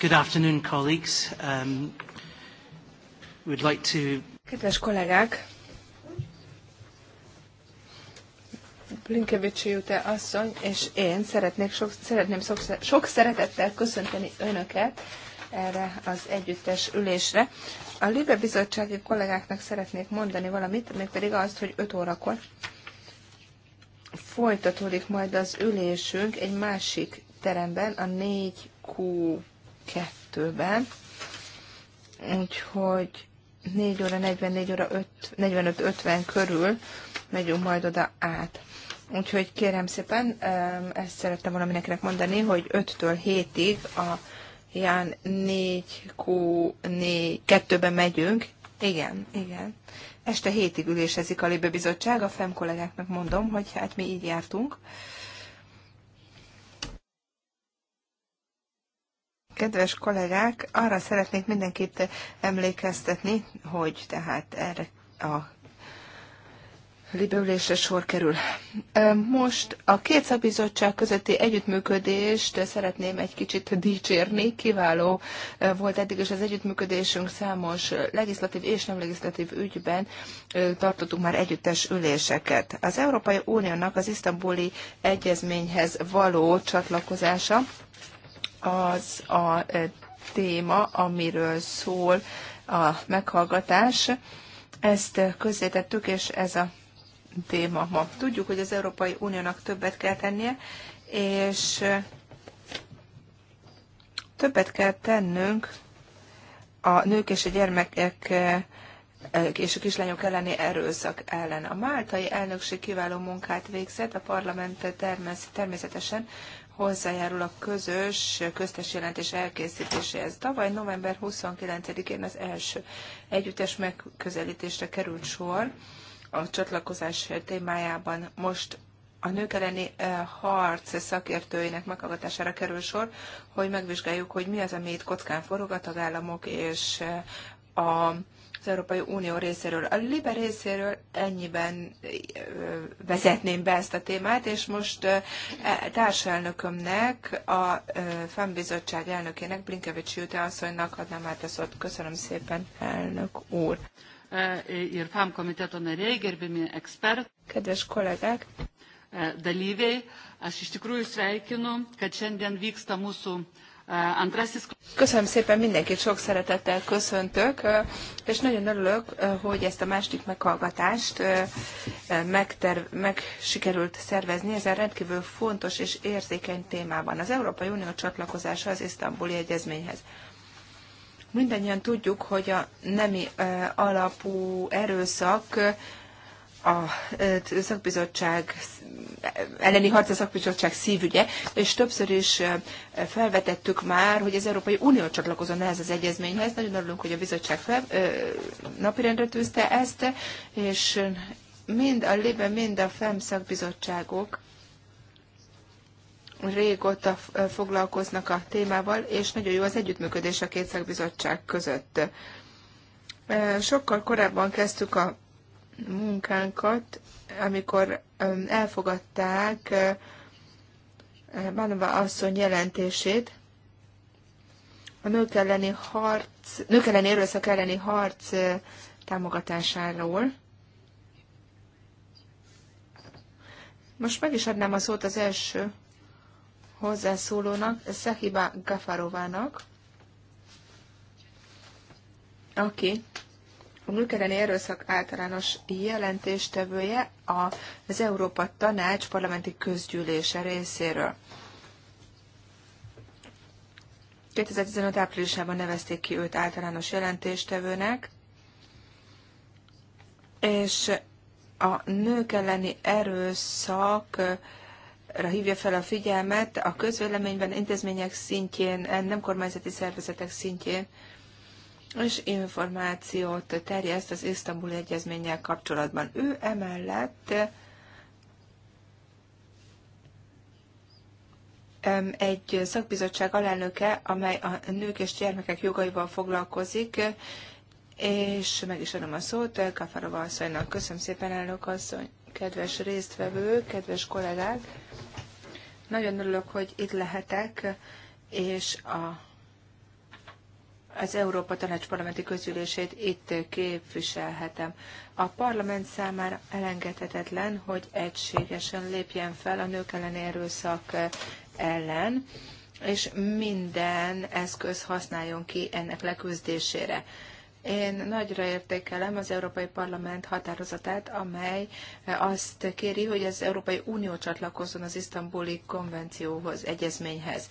Good afternoon, colleagues. Um, we'd like to... Kedves kollégák! Blinkevics Jute asszony és én szeretnék sok, szeretném sok, sok szeretettel köszönteni Önöket erre az együttes ülésre. A Libe Bizottsági kollégáknak szeretnék mondani valamit, mégpedig azt, hogy 5 órakor folytatódik majd az ülésünk egy másik teremben, a 4Q kettőben, ben úgyhogy 4 óra 44 óra 45-50 körül megyünk majd oda át. Úgyhogy kérem szépen, ezt szerettem volna mindenkinek mondani, hogy 5-től 7-ig a Ján 4 q 2 ben megyünk. Igen, igen. Este ig ülésezik a Libe Bizottság, a FEM kollégáknak mondom, hogy hát mi így jártunk. Kedves kollégák, arra szeretnék mindenkit emlékeztetni, hogy tehát erre a libeülésre sor kerül. Most a két szabizottság közötti együttműködést szeretném egy kicsit dicsérni. Kiváló volt eddig is az együttműködésünk számos legislatív és nem legislatív ügyben tartottuk már együttes üléseket. Az Európai Uniónak az isztambuli egyezményhez való csatlakozása az a e, téma, amiről szól a meghallgatás. Ezt közzétettük, és ez a téma ma. Tudjuk, hogy az Európai Uniónak többet kell tennie, és többet kell tennünk a nők és a gyermekek e, e, és a kislányok elleni erőszak ellen. A máltai elnökség kiváló munkát végzett, a parlament természetesen hozzájárul a közös köztes jelentés elkészítéséhez. Tavaly november 29-én az első együttes megközelítésre került sor a csatlakozás témájában. Most a nők elleni eh, harc szakértőinek meghallgatására kerül sor, hogy megvizsgáljuk, hogy mi az, ami itt kockán forog a tagállamok és eh, a Európai Unió részéről. A Liber részéről ennyiben vezetném be ezt a témát, és most e, társelnökömnek, a fennbizottság elnökének, Blinkevics Jute asszonynak adnám át a szót. Köszönöm szépen, elnök úr. E, e, Kedves kollégák! Dalyviai, aš iš tikrųjų sveikinu, kad šiandien vyksta mūsų Uh, Köszönöm szépen mindenkit, sok szeretettel köszöntök, uh, és nagyon örülök, uh, hogy ezt a második meghallgatást megterv, meg sikerült szervezni ezen rendkívül fontos és érzékeny témában. Az Európai Unió csatlakozása az isztambuli egyezményhez. Mindannyian tudjuk, hogy a nemi alapú erőszak a szakbizottság elleni harc a szakbizottság szívügye, és többször is felvetettük már, hogy az Európai Unió csatlakozon ehhez az egyezményhez. Nagyon örülünk, hogy a bizottság fel, napirendre tűzte ezt, és mind a lébe, mind a FEM szakbizottságok régóta foglalkoznak a témával, és nagyon jó az együttműködés a két szakbizottság között. Sokkal korábban kezdtük a munkánkat, amikor um, elfogadták uh, Bánova asszony jelentését, a nők elleni harc, nők elleni erőszak elleni harc uh, támogatásáról. Most meg is adnám a szót az első hozzászólónak, Szehiba Gafarovának, aki a nők elleni erőszak általános jelentéstevője az Európa Tanács parlamenti közgyűlése részéről. 2015 áprilisában nevezték ki őt általános jelentéstevőnek, és a nők elleni erőszak hívja fel a figyelmet a közvéleményben, intézmények szintjén, nem kormányzati szervezetek szintjén, és információt terjeszt az Isztambuli egyezménnyel kapcsolatban. Ő emellett egy szakbizottság alelnöke, amely a nők és gyermekek jogaival foglalkozik, és meg is adom a szót Kafarova asszonynak. Köszönöm szépen, elnök asszony, kedves résztvevő, kedves kollégák. Nagyon örülök, hogy itt lehetek, és a az Európa Tanács Parlamenti Közülését itt képviselhetem. A parlament számára elengedhetetlen, hogy egységesen lépjen fel a nők elleni erőszak ellen, és minden eszköz használjon ki ennek leküzdésére. Én nagyra értékelem az Európai Parlament határozatát, amely azt kéri, hogy az Európai Unió csatlakozzon az isztambuli konvencióhoz, egyezményhez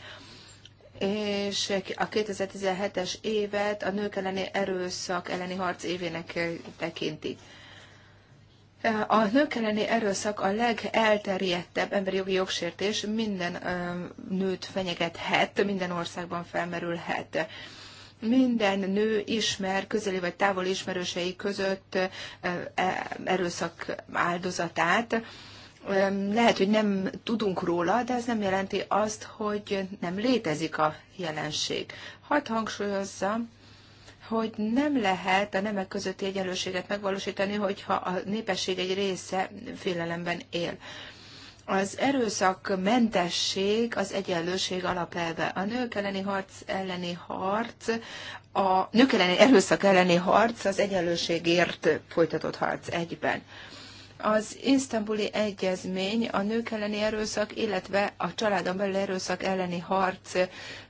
és a 2017-es évet a nők elleni erőszak elleni harc évének eh, tekinti. Eh, a nők elleni erőszak a legelterjedtebb emberi jogi jogsértés, minden eh, nőt fenyegethet, minden országban felmerülhet. Minden nő ismer közeli vagy távol ismerősei között erőszak áldozatát, lehet, hogy nem tudunk róla, de ez nem jelenti azt, hogy nem létezik a jelenség. Hadd hangsúlyozzam, hogy nem lehet a nemek közötti egyenlőséget megvalósítani, hogyha a népesség egy része félelemben él. Az erőszakmentesség az egyenlőség alapelve. A nők elleni harc elleni harc, a nők elleni erőszak elleni harc az egyenlőségért folytatott harc egyben. Az isztambuli egyezmény a nők elleni erőszak, illetve a családon belül erőszak elleni harc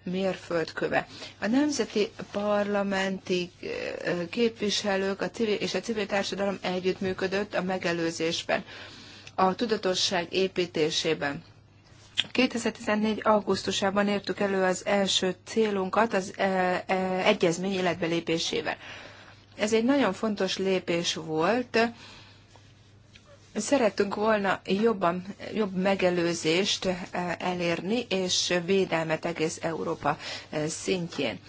mérföldköve. A nemzeti parlamenti eh, képviselők a civil és a civil társadalom együttműködött a megelőzésben, a tudatosság építésében. 2014. augusztusában értük elő az első célunkat az eh, eh, egyezmény életbelépésével. Ez egy nagyon fontos lépés volt, Szerettünk volna jobban, jobb megelőzést eh, elérni, és védelmet egész Európa eh, szintjén.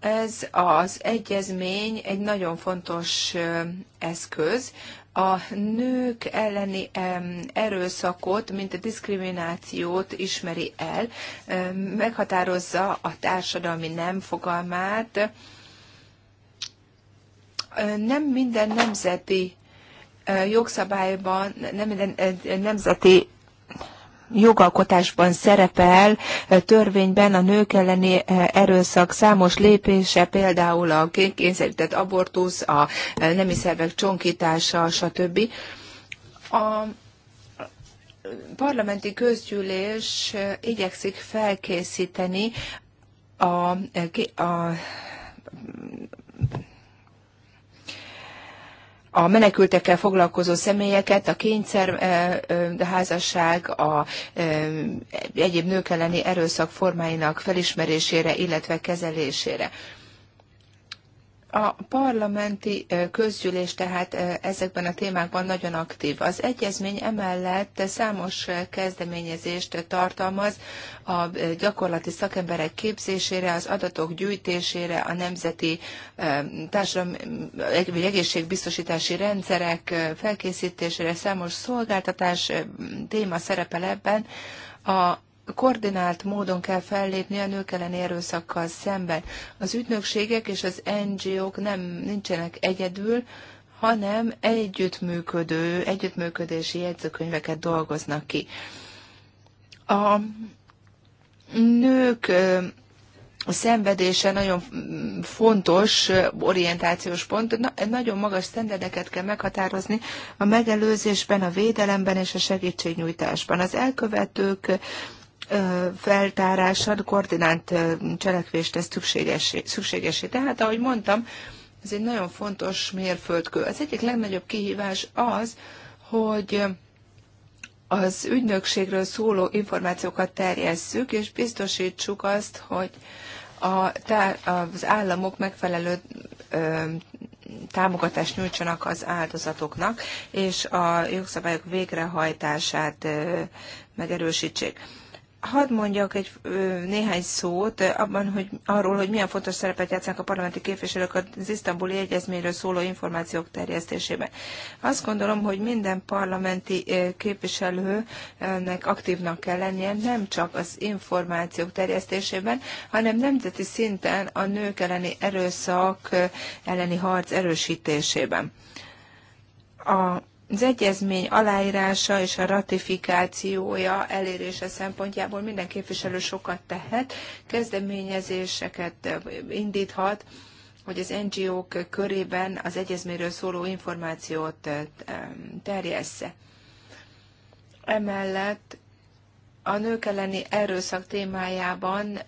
Ez az egyezmény egy nagyon fontos eh, eszköz, a nők elleni erőszakot, mint a diszkriminációt ismeri el, meghatározza a társadalmi nem fogalmát. Nem minden nemzeti jogszabályban, nem nemzeti jogalkotásban szerepel, törvényben a nők elleni erőszak számos lépése, például a kényszerített abortusz, a nemi szervek csonkítása, stb. A parlamenti közgyűlés igyekszik felkészíteni a, a a menekültekkel foglalkozó személyeket, a kényszer a házasság, a egyéb nők elleni erőszak formáinak felismerésére, illetve kezelésére. A parlamenti közgyűlés tehát ezekben a témákban nagyon aktív. Az egyezmény emellett számos kezdeményezést tartalmaz a gyakorlati szakemberek képzésére, az adatok gyűjtésére, a nemzeti társadalom vagy egészségbiztosítási rendszerek felkészítésére, számos szolgáltatás téma szerepel ebben. A koordinált módon kell fellépni a nők elleni erőszakkal szemben. Az ügynökségek és az NGO-k nem nincsenek egyedül, hanem együttműködő, együttműködési jegyzőkönyveket dolgoznak ki. A nők a szenvedése nagyon fontos orientációs pont. Na, nagyon magas szendedeket kell meghatározni a megelőzésben, a védelemben és a segítségnyújtásban. Az elkövetők feltárásad, koordinált cselekvést tesz szükségesé. szükségesé. Tehát, ahogy mondtam, ez egy nagyon fontos mérföldkő. Az egyik legnagyobb kihívás az, hogy az ügynökségről szóló információkat terjesszük, és biztosítsuk azt, hogy a, az államok megfelelő ö, támogatást nyújtsanak az áldozatoknak, és a jogszabályok végrehajtását ö, megerősítsék. Hadd mondjak egy néhány szót abban, hogy arról, hogy milyen fontos szerepet játszanak a parlamenti képviselők az isztambuli egyezményről szóló információk terjesztésében. Azt gondolom, hogy minden parlamenti képviselőnek aktívnak kell lennie, nem csak az információk terjesztésében, hanem nemzeti szinten a nők elleni erőszak elleni harc erősítésében. A az egyezmény aláírása és a ratifikációja elérése szempontjából minden képviselő sokat tehet, kezdeményezéseket indíthat, hogy az NGO-k körében az egyezményről szóló információt terjessze. Emellett a nők elleni erőszak témájában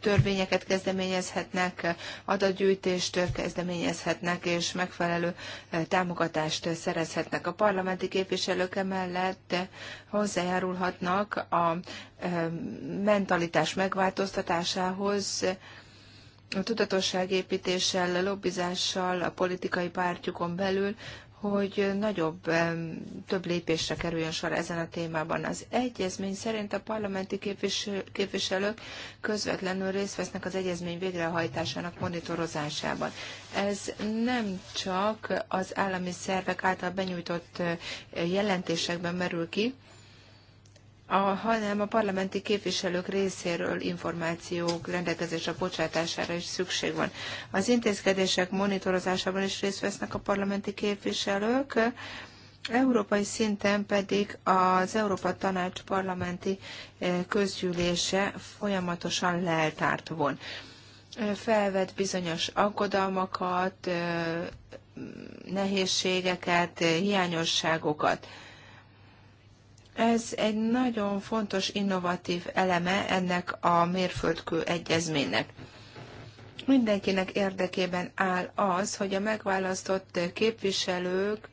törvényeket kezdeményezhetnek, adatgyűjtést kezdeményezhetnek, és megfelelő támogatást szerezhetnek. A parlamenti képviselők emellett hozzájárulhatnak a mentalitás megváltoztatásához, a tudatosságépítéssel, lobbizással, a politikai pártjukon belül, hogy nagyobb, több lépésre kerüljön sor ezen a témában. Az egyezmény szerint a parlamenti képviselők közvetlenül részt vesznek az egyezmény végrehajtásának monitorozásában. Ez nem csak az állami szervek által benyújtott eh, jelentésekben merül ki, a, hanem a parlamenti képviselők részéről információk rendelkezésre bocsátására is szükség van. Az intézkedések monitorozásában is részt vesznek a parlamenti képviselők, Európai szinten pedig az Európa Tanács parlamenti eh, közgyűlése folyamatosan leltárt von. Eh, Felvet bizonyos aggodalmakat, eh, nehézségeket, hiányosságokat. Ez egy nagyon fontos, innovatív eleme ennek a mérföldkő egyezménynek. Mindenkinek érdekében áll az, hogy a megválasztott képviselők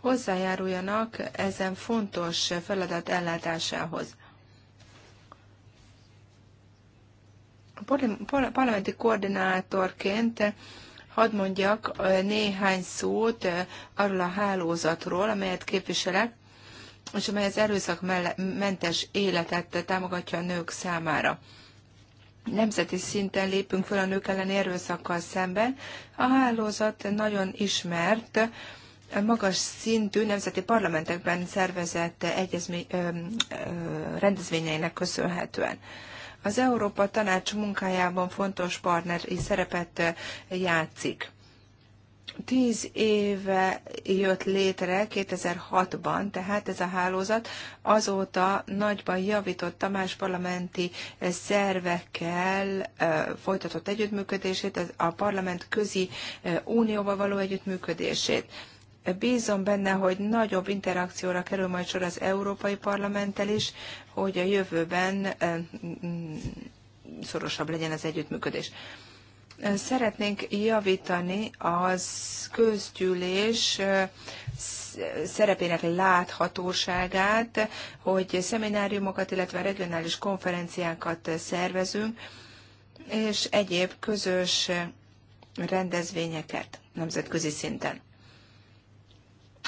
hozzájáruljanak ezen fontos feladat ellátásához. A parlamenti koordinátorként hadd mondjak eh, néhány szót eh, arról a hálózatról, amelyet képviselek, és amely az erőszakmentes életet támogatja a nők számára. Nemzeti szinten lépünk föl a nők elleni erőszakkal szemben. A hálózat nagyon ismert, magas szintű nemzeti parlamentekben szervezett egyezmény, ö, ö, rendezvényeinek köszönhetően. Az Európa Tanács munkájában fontos partneri szerepet játszik tíz éve jött létre, 2006-ban, tehát ez a hálózat azóta nagyban javította más parlamenti szervekkel folytatott együttműködését, a parlament közi unióval való együttműködését. Bízom benne, hogy nagyobb interakcióra kerül majd sor az Európai Parlamenttel is, hogy a jövőben szorosabb legyen az együttműködés. Szeretnénk javítani az közgyűlés szerepének láthatóságát, hogy szemináriumokat, illetve regionális konferenciákat szervezünk, és egyéb közös rendezvényeket nemzetközi szinten.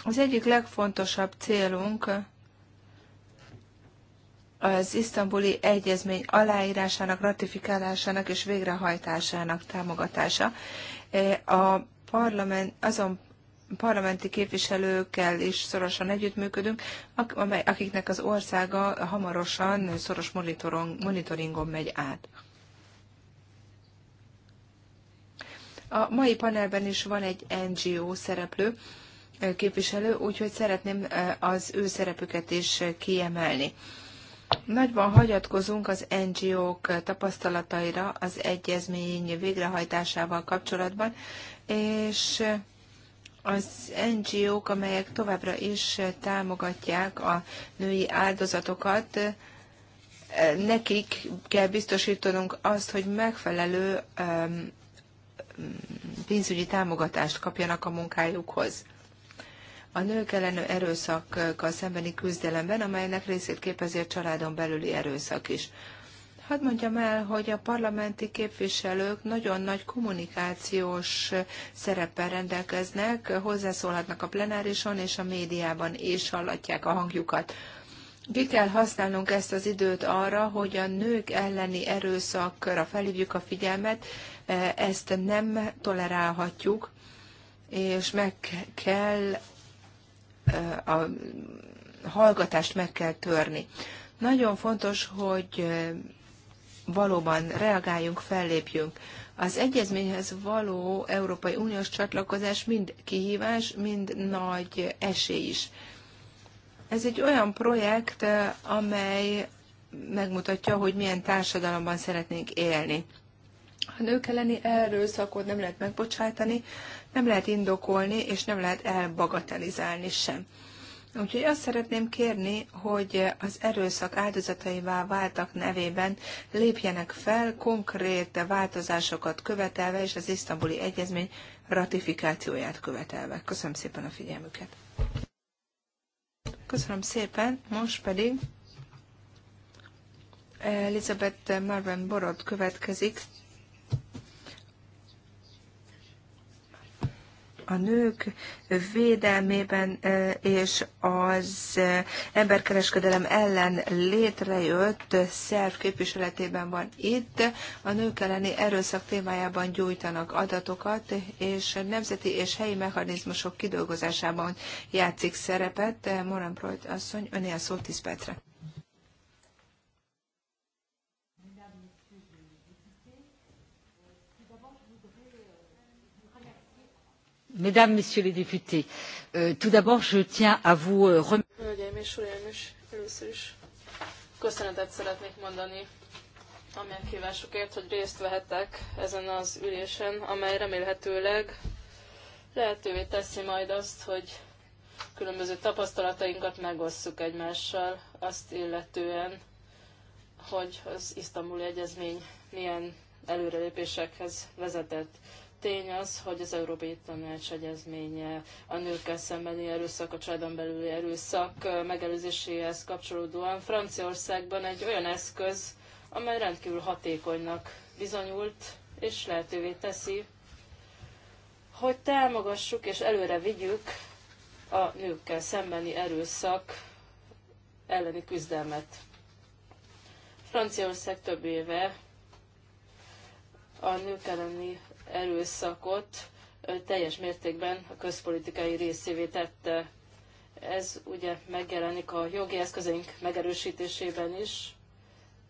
Az egyik legfontosabb célunk az isztambuli egyezmény aláírásának, ratifikálásának és végrehajtásának támogatása. E, a parlament, azon parlamenti képviselőkkel is szorosan együttműködünk, akiknek az országa hamarosan szoros monitoringon megy át. A mai panelben is van egy NGO szereplő, e, képviselő, úgyhogy szeretném e, az ő szerepüket is kiemelni. Nagyban hagyatkozunk az NGO-k tapasztalataira az egyezmény végrehajtásával kapcsolatban, és az NGO-k, amelyek továbbra is támogatják a női áldozatokat, nekik kell biztosítanunk azt, hogy megfelelő pénzügyi támogatást kapjanak a munkájukhoz a nők ellenő erőszakkal szembeni küzdelemben, amelynek részét képezi a családon belüli erőszak is. Hadd mondjam el, hogy a parlamenti képviselők nagyon nagy kommunikációs szereppel rendelkeznek, hozzászólhatnak a plenárison és a médiában, és hallatják a hangjukat. Ki kell használnunk ezt az időt arra, hogy a nők elleni erőszakra felhívjuk a figyelmet, e, ezt nem tolerálhatjuk, és meg kell a hallgatást meg kell törni. Nagyon fontos, hogy valóban reagáljunk, fellépjünk. Az egyezményhez való Európai Uniós csatlakozás mind kihívás, mind nagy esély is. Ez egy olyan projekt, amely megmutatja, hogy milyen társadalomban szeretnénk élni. A nők elleni erőszakot nem lehet megbocsátani, nem lehet indokolni, és nem lehet elbagatelizálni sem. Úgyhogy azt szeretném kérni, hogy az erőszak áldozataivá váltak nevében lépjenek fel konkrét változásokat követelve, és az isztambuli egyezmény ratifikációját követelve. Köszönöm szépen a figyelmüket. Köszönöm szépen, most pedig Elizabeth Marvin Borod következik, a nők védelmében és az emberkereskedelem ellen létrejött szerv képviseletében van itt. A nők elleni erőszak témájában gyújtanak adatokat, és nemzeti és helyi mechanizmusok kidolgozásában játszik szerepet. Moran Projt asszony, öné a szó 10 percre mesdames messieurs les députés euh, tout d'abord je tiens à vous euh, remercier hogy részt vehettek ezen az ülésen, amely remélhetőleg lehetővé teszi majd azt, hogy különböző tapasztalatainkat megosszuk azt illetően, hogy az vezetett. Tény az, hogy az Európai Tanács egyezménye a nőkkel szembeni erőszak, a családon belüli erőszak megelőzéséhez kapcsolódóan Franciaországban egy olyan eszköz, amely rendkívül hatékonynak bizonyult, és lehetővé teszi, hogy támogassuk és előre vigyük a nőkkel szembeni erőszak elleni küzdelmet. Franciaország több éve a nők elleni erőszakot teljes mértékben a közpolitikai részévé tette. Ez ugye megjelenik a jogi eszközeink megerősítésében is,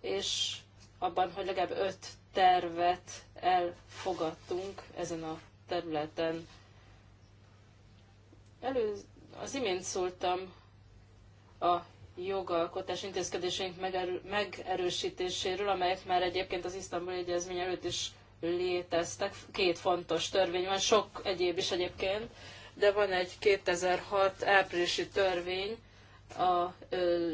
és abban, hogy legalább öt tervet elfogadtunk ezen a területen. Elő, az imént szóltam a jogalkotás intézkedéseink megerősítéséről, amelyek már egyébként az Isztambul Egyezmény előtt is léteztek. Két fontos törvény van, sok egyéb is egyébként, de van egy 2006 áprilisi törvény a ö,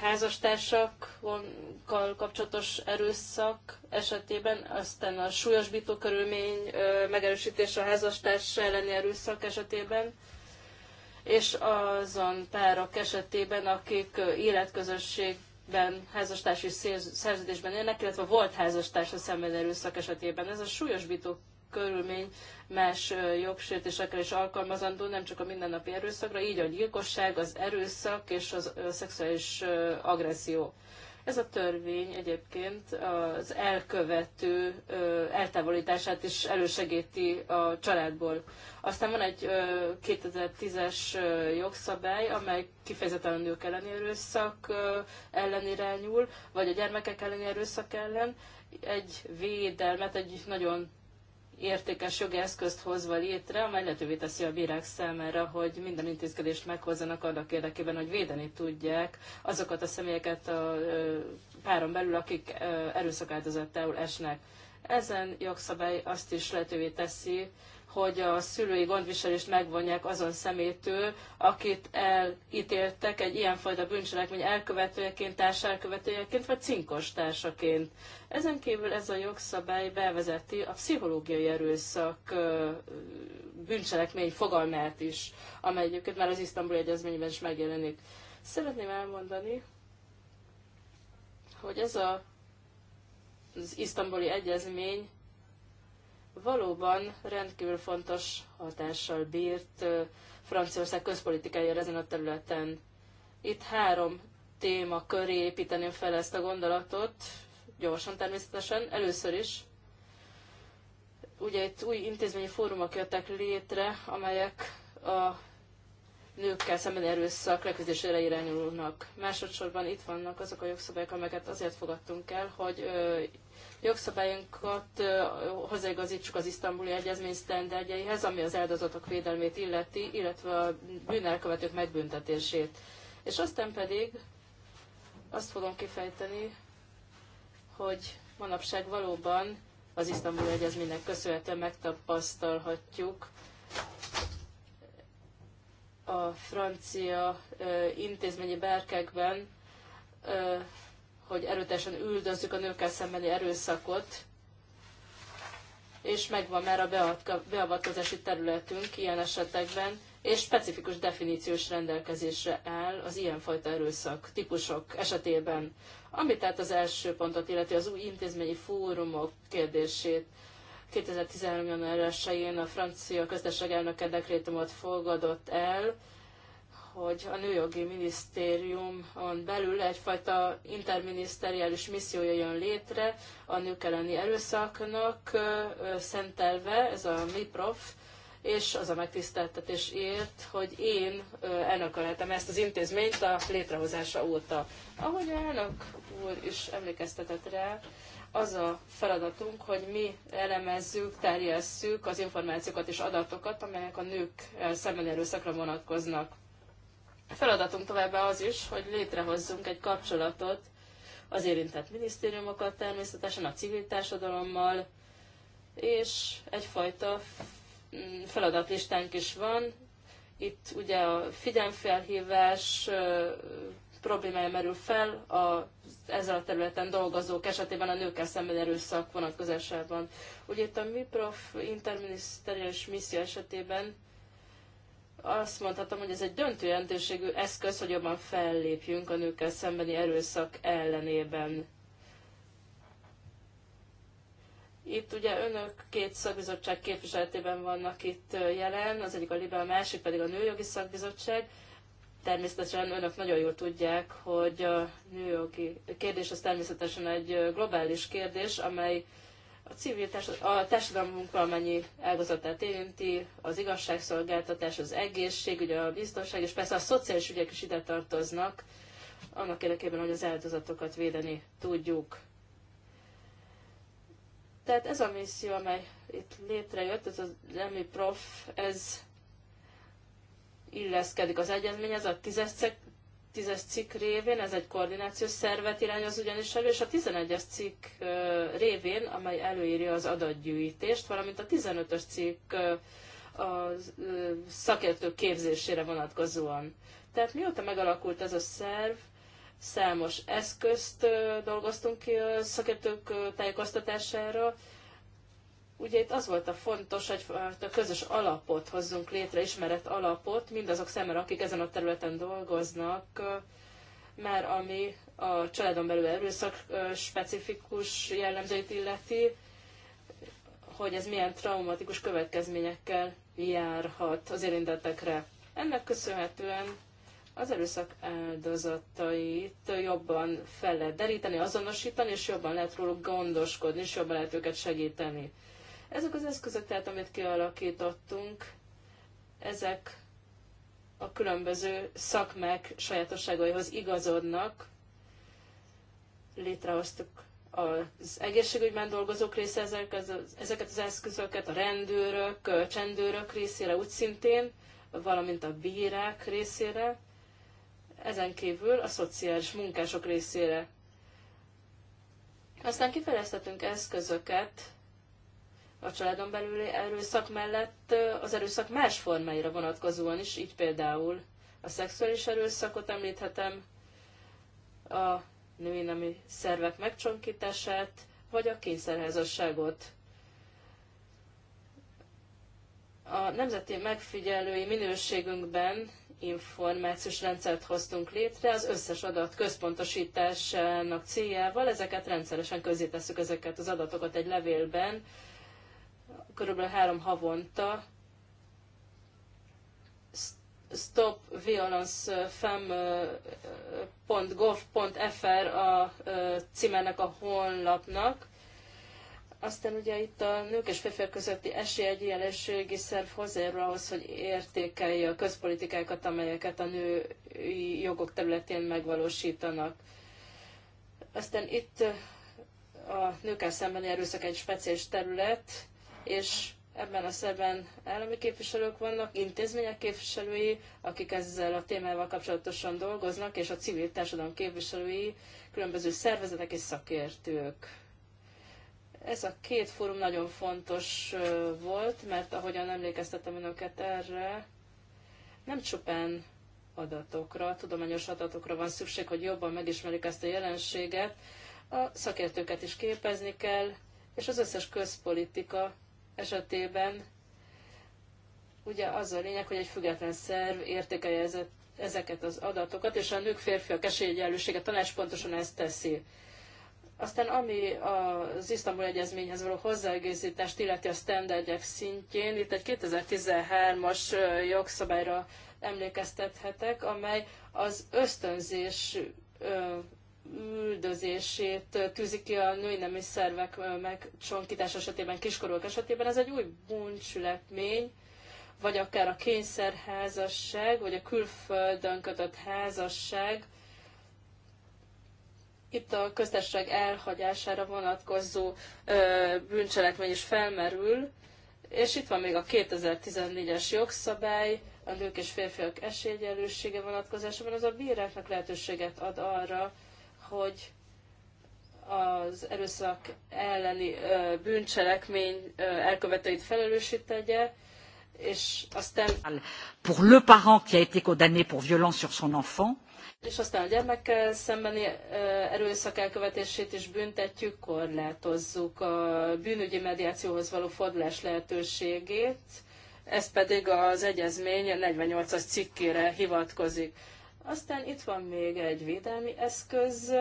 házastársakkal kapcsolatos erőszak esetében, aztán a súlyosbító körülmény megerősítése a házastárs elleni erőszak esetében, és azon párok esetében, akik életközösség ben házastársi szerződésben élnek, illetve volt a szemben erőszak esetében. Ez a súlyosbító körülmény más jogsértésekre is alkalmazandó, nem csak a mindennapi erőszakra, így a gyilkosság, az erőszak és a szexuális agresszió. Ez a törvény egyébként az elkövető eltávolítását is elősegíti a családból. Aztán van egy 2010-es jogszabály, amely kifejezetten a nők elleni erőszak ellen irányul, vagy a gyermekek elleni erőszak ellen egy védelmet, egy nagyon értékes jogi eszközt hozva létre, amely lehetővé teszi a bírák számára, hogy minden intézkedést meghozzanak annak érdekében, hogy védeni tudják azokat a személyeket a páron belül, akik erőszak áldozatául esnek. Ezen jogszabály azt is lehetővé teszi, hogy a szülői gondviselést megvonják azon szemétől, akit elítéltek egy ilyenfajta bűncselekmény elkövetőjeként, társelkövetőjeként vagy cinkos társaként. Ezen kívül ez a jogszabály bevezeti a pszichológiai erőszak bűncselekmény fogalmát is, amely egyébként már az Isztambul Egyezményben is megjelenik. Szeretném elmondani, hogy ez a, az isztambuli egyezmény valóban rendkívül fontos hatással bírt Franciaország közpolitikájára ezen a területen. Itt három téma köré építeném fel ezt a gondolatot, gyorsan természetesen. Először is, ugye itt új intézményi fórumok jöttek létre, amelyek a nőkkel szemben erőszak leküzdésére irányulnak. Másodszorban itt vannak azok a jogszabályok, amelyeket azért fogadtunk el, hogy jogszabályunkat hozzáigazítsuk az isztambuli egyezmény sztenderdjeihez, ami az áldozatok védelmét illeti, illetve a bűnelkövetők megbüntetését. És aztán pedig azt fogom kifejteni, hogy manapság valóban az isztambuli egyezménynek köszönhetően megtapasztalhatjuk a francia intézményi berkekben hogy erőteljesen üldözzük a nőkkel szembeni erőszakot, és megvan már a beavatkozási területünk ilyen esetekben, és specifikus definíciós rendelkezésre áll az ilyenfajta erőszak típusok esetében. Ami tehát az első pontot illeti az új intézményi fórumok kérdését. 2013. január 1-én a francia köztesség elnöke dekrétumot fogadott el, hogy a Nőjogi Minisztériumon belül egyfajta interminiszteriális missziója jön létre a nők elleni erőszaknak szentelve, ez a MIPROF, és az a megtiszteltetés ért, hogy én lehetem ezt az intézményt a létrehozása óta. Ahogy elnök úr is emlékeztetett rá, az a feladatunk, hogy mi elemezzük, terjesszük az információkat és adatokat, amelyek a nők szemben erőszakra vonatkoznak feladatunk továbbá az is, hogy létrehozzunk egy kapcsolatot az érintett minisztériumokat természetesen, a civil társadalommal, és egyfajta mm, feladatlistánk is van. Itt ugye a figyelmfelhívás problémája merül fel a, ezzel a területen dolgozók esetében a nőkkel szemben erőszak vonatkozásában. Ugye itt a MIPROF interminiszteriális misszió esetében azt mondhatom, hogy ez egy döntő jelentőségű eszköz, hogy jobban fellépjünk a nőkkel szembeni erőszak ellenében. Itt ugye önök két szakbizottság képviseletében vannak itt jelen, az egyik a Libe, a másik pedig a Nőjogi Szakbizottság. Természetesen önök nagyon jól tudják, hogy a nőjogi kérdés az természetesen egy globális kérdés, amely a civil a a társadalmunk valamennyi ágazatát érinti, az igazságszolgáltatás, az egészségügy, a biztonság, és persze a szociális ügyek is ide tartoznak, annak érdekében, hogy az áldozatokat védeni tudjuk. Tehát ez a misszió, amely itt létrejött, ez az EMI Prof, ez illeszkedik az egyezményhez, a tízes 10-es cikk révén, ez egy koordinációs szervet irányoz ugyanis elő, és a 11-es cikk révén, amely előírja az adatgyűjtést, valamint a 15-ös cikk a szakértők képzésére vonatkozóan. Tehát mióta megalakult ez a szerv, számos eszközt dolgoztunk ki a szakértők tájékoztatására, Ugye itt az volt a fontos, hogy a közös alapot hozzunk létre, ismeret alapot, mindazok szemben, akik ezen a területen dolgoznak, mert ami a családon belül erőszak specifikus jellemzőit illeti, hogy ez milyen traumatikus következményekkel járhat az érintettekre. Ennek köszönhetően az erőszak áldozatait jobban fel lehet deríteni, azonosítani, és jobban lehet róluk gondoskodni, és jobban lehet őket segíteni. Ezek az eszközök, tehát amit kialakítottunk, ezek a különböző szakmák sajátosságaihoz igazodnak. Létrehoztuk az egészségügyben dolgozók része ezek, az, ezeket az eszközöket, a rendőrök, a csendőrök részére úgy szintén, valamint a bírák részére, ezen kívül a szociális munkások részére. Aztán kifejeztetünk eszközöket a családon belüli erőszak mellett az erőszak más formáira vonatkozóan is, így például a szexuális erőszakot említhetem, a női nemi szervek megcsonkítását, vagy a kényszerházasságot. A nemzeti megfigyelői minőségünkben információs rendszert hoztunk létre az összes adat központosításának céljával. Ezeket rendszeresen közzétesszük ezeket az adatokat egy levélben, körülbelül három havonta stopviolencefem.gov.fr a címenek a honlapnak. Aztán ugye itt a nők és férfiak közötti esélyegyenlőségi szerv hozzájárul ahhoz, hogy értékelje a közpolitikákat, amelyeket a női jogok területén megvalósítanak. Aztán itt a nőkkel szembeni erőszak egy speciális terület, és ebben a szerben állami képviselők vannak, intézmények képviselői, akik ezzel a témával kapcsolatosan dolgoznak, és a civil társadalom képviselői, különböző szervezetek és szakértők. Ez a két fórum nagyon fontos volt, mert ahogyan emlékeztetem önöket erre, nem csupán adatokra, tudományos adatokra van szükség, hogy jobban megismerjük ezt a jelenséget, a szakértőket is képezni kell, és az összes közpolitika esetében ugye az a lényeg, hogy egy független szerv értékelje ezeket az adatokat, és a nők férfiak esélyegyenlősége tanács pontosan ezt teszi. Aztán ami az Isztambul Egyezményhez való hozzáegészítést illeti a standardek szintjén, itt egy 2013-as jogszabályra emlékeztethetek, amely az ösztönzés üldözését tűzik ki a női nemi szervek megcsonkítás esetében, kiskorúak esetében. Ez egy új bűncselekmény, vagy akár a kényszerházasság, vagy a külföldön kötött házasság. Itt a köztársaság elhagyására vonatkozó bűncselekmény is felmerül, és itt van még a 2014-es jogszabály, a nők és férfiak esélyegyenlősége vonatkozásában, az a bíráknak lehetőséget ad arra, hogy az erőszak elleni ö, bűncselekmény ö, elkövetőit felelősítegye, és aztán... Pour le parent qui a été condamné pour violence sur son enfant. És aztán a gyermekkel szembeni ö, erőszak elkövetését is büntetjük, korlátozzuk a bűnügyi mediációhoz való fordulás lehetőségét, ez pedig az egyezmény 48-as cikkére hivatkozik aztán itt van még egy védelmi eszköz,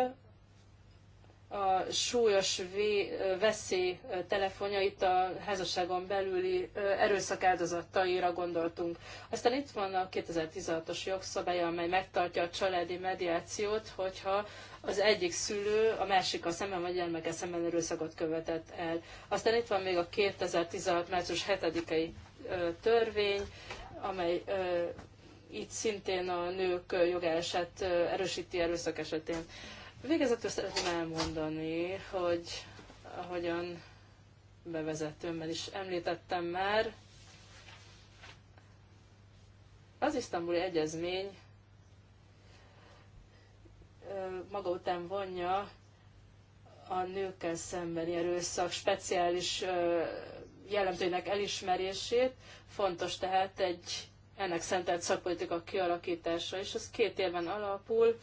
a súlyos veszély telefonja, itt a házasságon belüli erőszak áldozataira gondoltunk. Aztán itt van a 2016-os jogszabály, amely megtartja a családi mediációt, hogyha az egyik szülő a másik a szemben vagy gyermeke szemben erőszakot követett el. Aztán itt van még a 2016. március 7-i törvény, amely itt szintén a nők jogását erősíti erőszak esetén. Végezetül szeretném elmondani, hogy ahogyan bevezetőmmel is említettem már, az isztambuli egyezmény maga után vonja a nőkkel szembeni erőszak speciális jellemzőinek elismerését. Fontos tehát egy ennek szentelt szakpolitika kialakítása, és ez két érven alapul.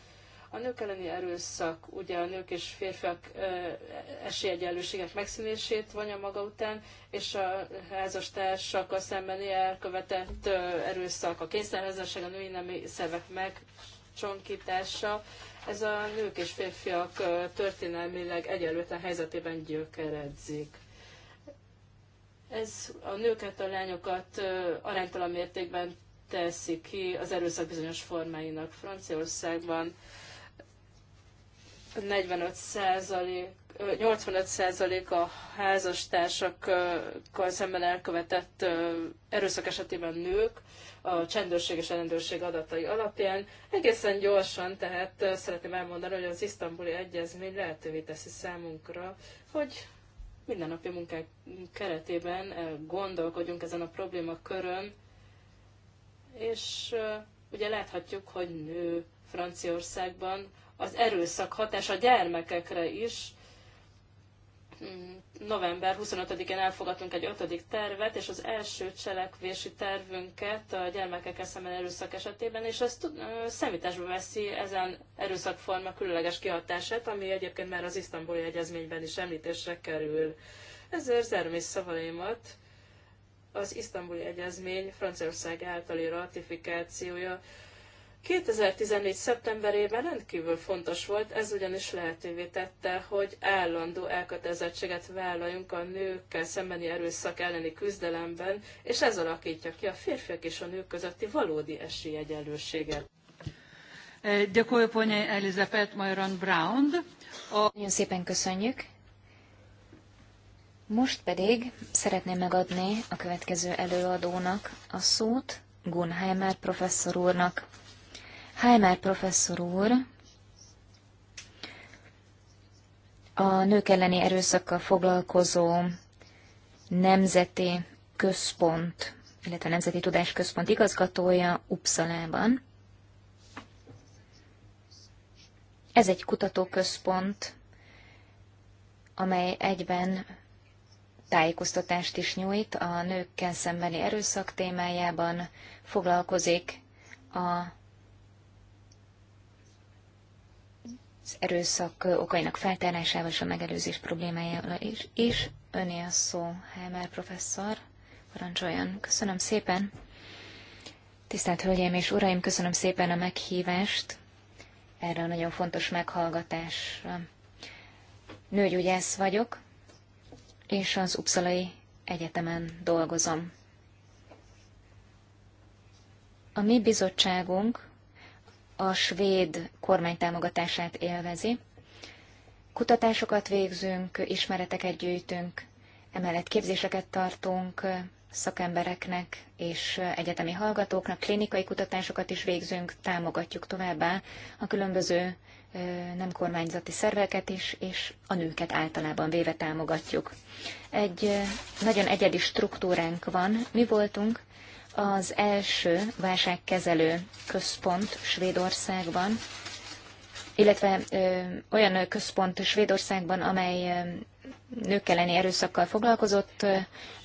A nők elleni erőszak, ugye a nők és férfiak esélyegyenlőségek megszűnését vonja maga után, és a házastársakkal szembeni elkövetett erőszak, a kényszerházasság, a női nemi szervek megcsonkítása, ez a nők és férfiak történelmileg egyenlőtlen helyzetében gyökeredzik. Ez a nőket, a lányokat aránytalan mértékben teszi ki az erőszak bizonyos formáinak. Franciaországban 45 százalék 85% a házastársakkal szemben elkövetett erőszak esetében nők, a csendőrség és rendőrség adatai alapján. Egészen gyorsan, tehát szeretném elmondani, hogy az isztambuli egyezmény lehetővé teszi számunkra, hogy mindennapi munkák keretében gondolkodjunk ezen a problémakörön, és ugye láthatjuk, hogy nő Franciaországban az erőszak hatása a gyermekekre is. Mm, november 25-én elfogadtunk egy ötödik tervet, és az első cselekvési tervünket a gyermekek eszemben erőszak esetében, és ez szemításba veszi ezen erőszakforma különleges kihatását, ami egyébként már az isztambuli egyezményben is említésre kerül. Ezért zárom szavaimat az isztambuli egyezmény Franciaország általi ratifikációja 2014. szeptemberében rendkívül fontos volt, ez ugyanis lehetővé tette, hogy állandó elkötelezettséget vállaljunk a nőkkel szembeni erőszak elleni küzdelemben, és ez alakítja ki a férfiak és a nők közötti valódi esélyegyenlőséget. Gyakorló Elizabeth Majran Brown. Nagyon szépen köszönjük. Most pedig szeretném megadni a következő előadónak a szót, Gunheimer professzor úrnak. Heimer professzor úr a nők elleni erőszakkal foglalkozó nemzeti központ, illetve Nemzeti Tudásközpont igazgatója Uppsalában. Ez egy kutatóközpont, amely egyben tájékoztatást is nyújt a nőkkel szembeni erőszak témájában, foglalkozik a az erőszak okainak feltárásával és a megelőzés problémájával is. is. Öné a szó, Helmer professzor. Parancsoljon. Köszönöm szépen. Tisztelt Hölgyeim és Uraim, köszönöm szépen a meghívást erre a nagyon fontos meghallgatásra. Nőgyügyász vagyok, és az Uppsalai Egyetemen dolgozom. A mi bizottságunk a svéd kormány támogatását élvezi. Kutatásokat végzünk, ismereteket gyűjtünk, emellett képzéseket tartunk szakembereknek és egyetemi hallgatóknak, klinikai kutatásokat is végzünk, támogatjuk továbbá a különböző nem kormányzati szerveket is, és a nőket általában véve támogatjuk. Egy nagyon egyedi struktúránk van. Mi voltunk az első válságkezelő központ Svédországban, illetve ö, olyan központ Svédországban, amely nők elleni erőszakkal foglalkozott.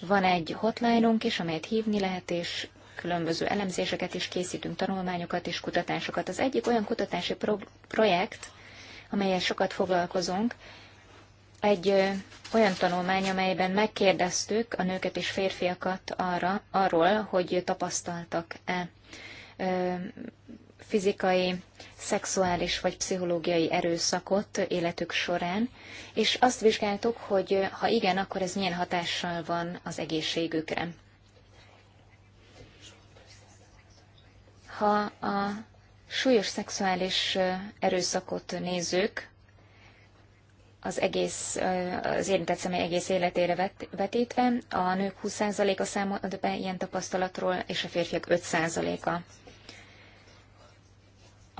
Van egy hotline-unk is, amelyet hívni lehet, és különböző elemzéseket is készítünk, tanulmányokat és kutatásokat. Az egyik olyan kutatási pro- projekt, amelyel sokat foglalkozunk, egy ö, olyan tanulmány, amelyben megkérdeztük a nőket és férfiakat arra, arról, hogy tapasztaltak-e fizikai, szexuális vagy pszichológiai erőszakot életük során, és azt vizsgáltuk, hogy ha igen, akkor ez milyen hatással van az egészségükre. Ha a súlyos szexuális erőszakot nézők, az egész, az érintett személy egész életére vetítve, a nők 20%-a számolt be ilyen tapasztalatról, és a férfiak 5%-a.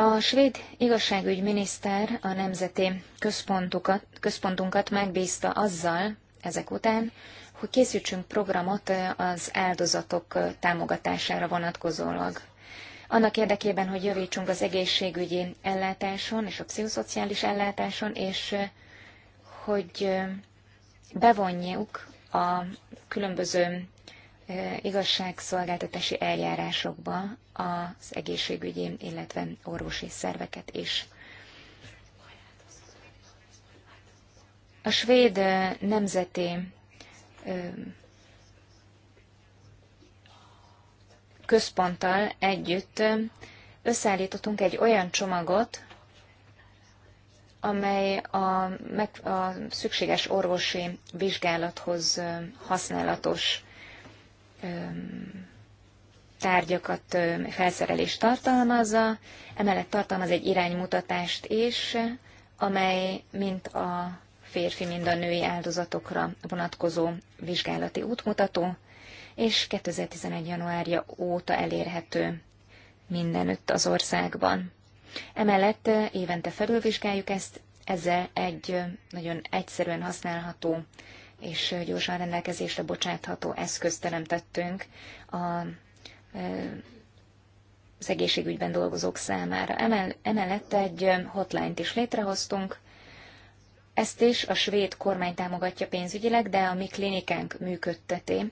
A svéd igazságügyminiszter a nemzeti központunkat, központunkat megbízta azzal, ezek után, hogy készítsünk programot az áldozatok támogatására vonatkozólag annak érdekében, hogy javítsunk az egészségügyi ellátáson és a pszichoszociális ellátáson, és hogy bevonjuk a különböző igazságszolgáltatási eljárásokba az egészségügyi, illetve orvosi szerveket is. A svéd nemzeti központtal együtt összeállítottunk egy olyan csomagot, amely a, meg, a szükséges orvosi vizsgálathoz használatos tárgyakat, felszerelést tartalmazza, emellett tartalmaz egy iránymutatást is, amely mint a férfi, mind a női áldozatokra vonatkozó vizsgálati útmutató, és 2011. januárja óta elérhető mindenütt az országban. Emellett évente felülvizsgáljuk ezt, ezzel egy nagyon egyszerűen használható és gyorsan rendelkezésre bocsátható eszközt teremtettünk a, az egészségügyben dolgozók számára. Emel, emellett egy hotline-t is létrehoztunk, ezt is a svéd kormány támogatja pénzügyileg, de a mi klinikánk működteti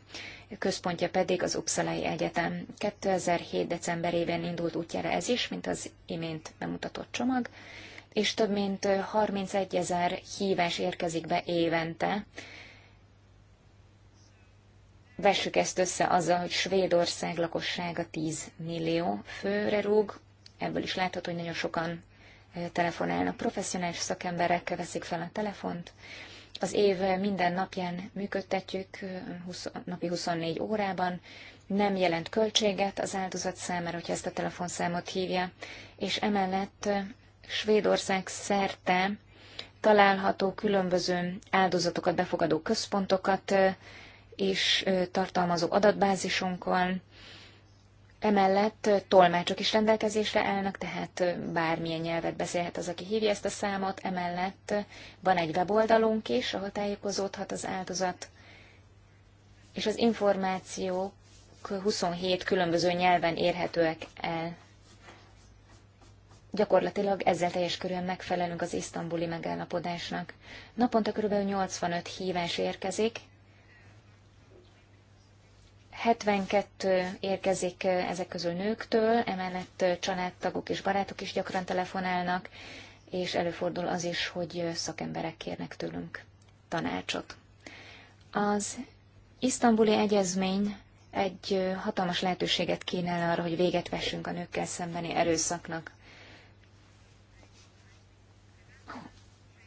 központja pedig az Uppsalai Egyetem. 2007. decemberében indult útjára ez is, mint az imént bemutatott csomag, és több mint 31 ezer hívás érkezik be évente. Vessük ezt össze azzal, hogy Svédország lakossága 10 millió főre rúg, ebből is látható, hogy nagyon sokan telefonálnak, professzionális szakemberek veszik fel a telefont, az év minden napján működtetjük, 20, napi 24 órában, nem jelent költséget az áldozat számára, hogyha ezt a telefonszámot hívja, és emellett Svédország szerte található különböző áldozatokat befogadó központokat és tartalmazó adatbázisunk van, Emellett tolmácsok is rendelkezésre állnak, tehát bármilyen nyelvet beszélhet az, aki hívja ezt a számot. Emellett van egy weboldalunk is, ahol tájékozódhat az áldozat, és az információk 27 különböző nyelven érhetőek el. Gyakorlatilag ezzel teljes körülön megfelelünk az isztambuli megállapodásnak. Naponta kb. 85 hívás érkezik, 72 érkezik ezek közül nőktől, emellett családtagok és barátok is gyakran telefonálnak, és előfordul az is, hogy szakemberek kérnek tőlünk tanácsot. Az isztambuli egyezmény egy hatalmas lehetőséget kínál arra, hogy véget vessünk a nőkkel szembeni erőszaknak.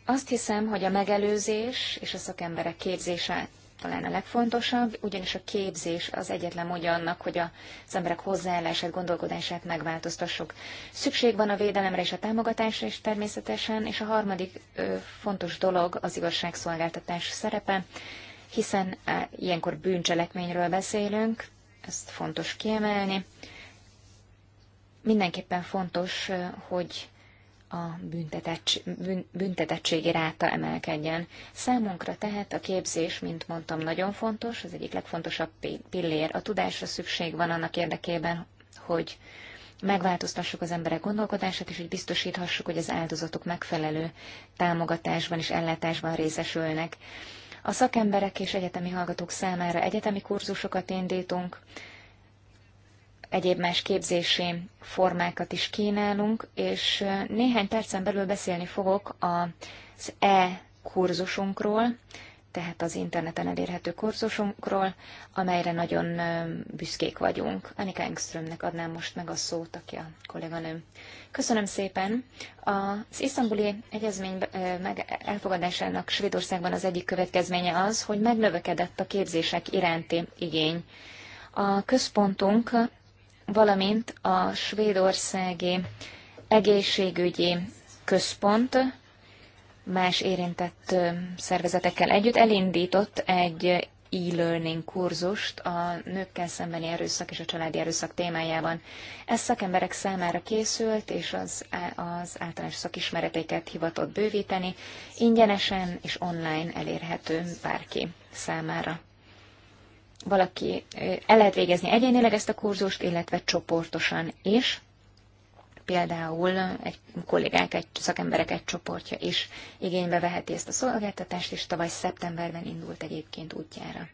Azt hiszem, hogy a megelőzés és a szakemberek képzése talán a legfontosabb, ugyanis a képzés az egyetlen módja annak, hogy az emberek hozzáállását, gondolkodását megváltoztassuk. Szükség van a védelemre és a támogatásra is természetesen, és a harmadik ö, fontos dolog az igazságszolgáltatás szerepe, hiszen á, ilyenkor bűncselekményről beszélünk, ezt fontos kiemelni. Mindenképpen fontos, hogy a büntetets- bűn, büntetettségi ráta emelkedjen. Számunkra tehát a képzés, mint mondtam, nagyon fontos, az egyik legfontosabb pillér. A tudásra szükség van annak érdekében, hogy megváltoztassuk az emberek gondolkodását, és hogy biztosíthassuk, hogy az áldozatok megfelelő támogatásban és ellátásban részesülnek. A szakemberek és egyetemi hallgatók számára egyetemi kurzusokat indítunk, egyéb más képzési formákat is kínálunk, és néhány percen belül beszélni fogok az e-kurzusunkról, tehát az interneten elérhető kurzusunkról, amelyre nagyon büszkék vagyunk. Annika Engströmnek adnám most meg a szót, aki a kolléganőm. Köszönöm szépen! Az isztambuli egyezmény elfogadásának Svédországban az egyik következménye az, hogy megnövekedett a képzések iránti igény. A központunk valamint a svédországi egészségügyi központ más érintett szervezetekkel együtt elindított egy e-learning kurzust a nőkkel szembeni erőszak és a családi erőszak témájában. Ez szakemberek számára készült, és az, az általános szakismereteket hivatott bővíteni, ingyenesen és online elérhető bárki számára valaki el lehet végezni egyénileg ezt a kurzust, illetve csoportosan is. Például egy kollégák, egy szakemberek egy csoportja is igénybe veheti ezt a szolgáltatást, és tavaly szeptemberben indult egyébként útjára.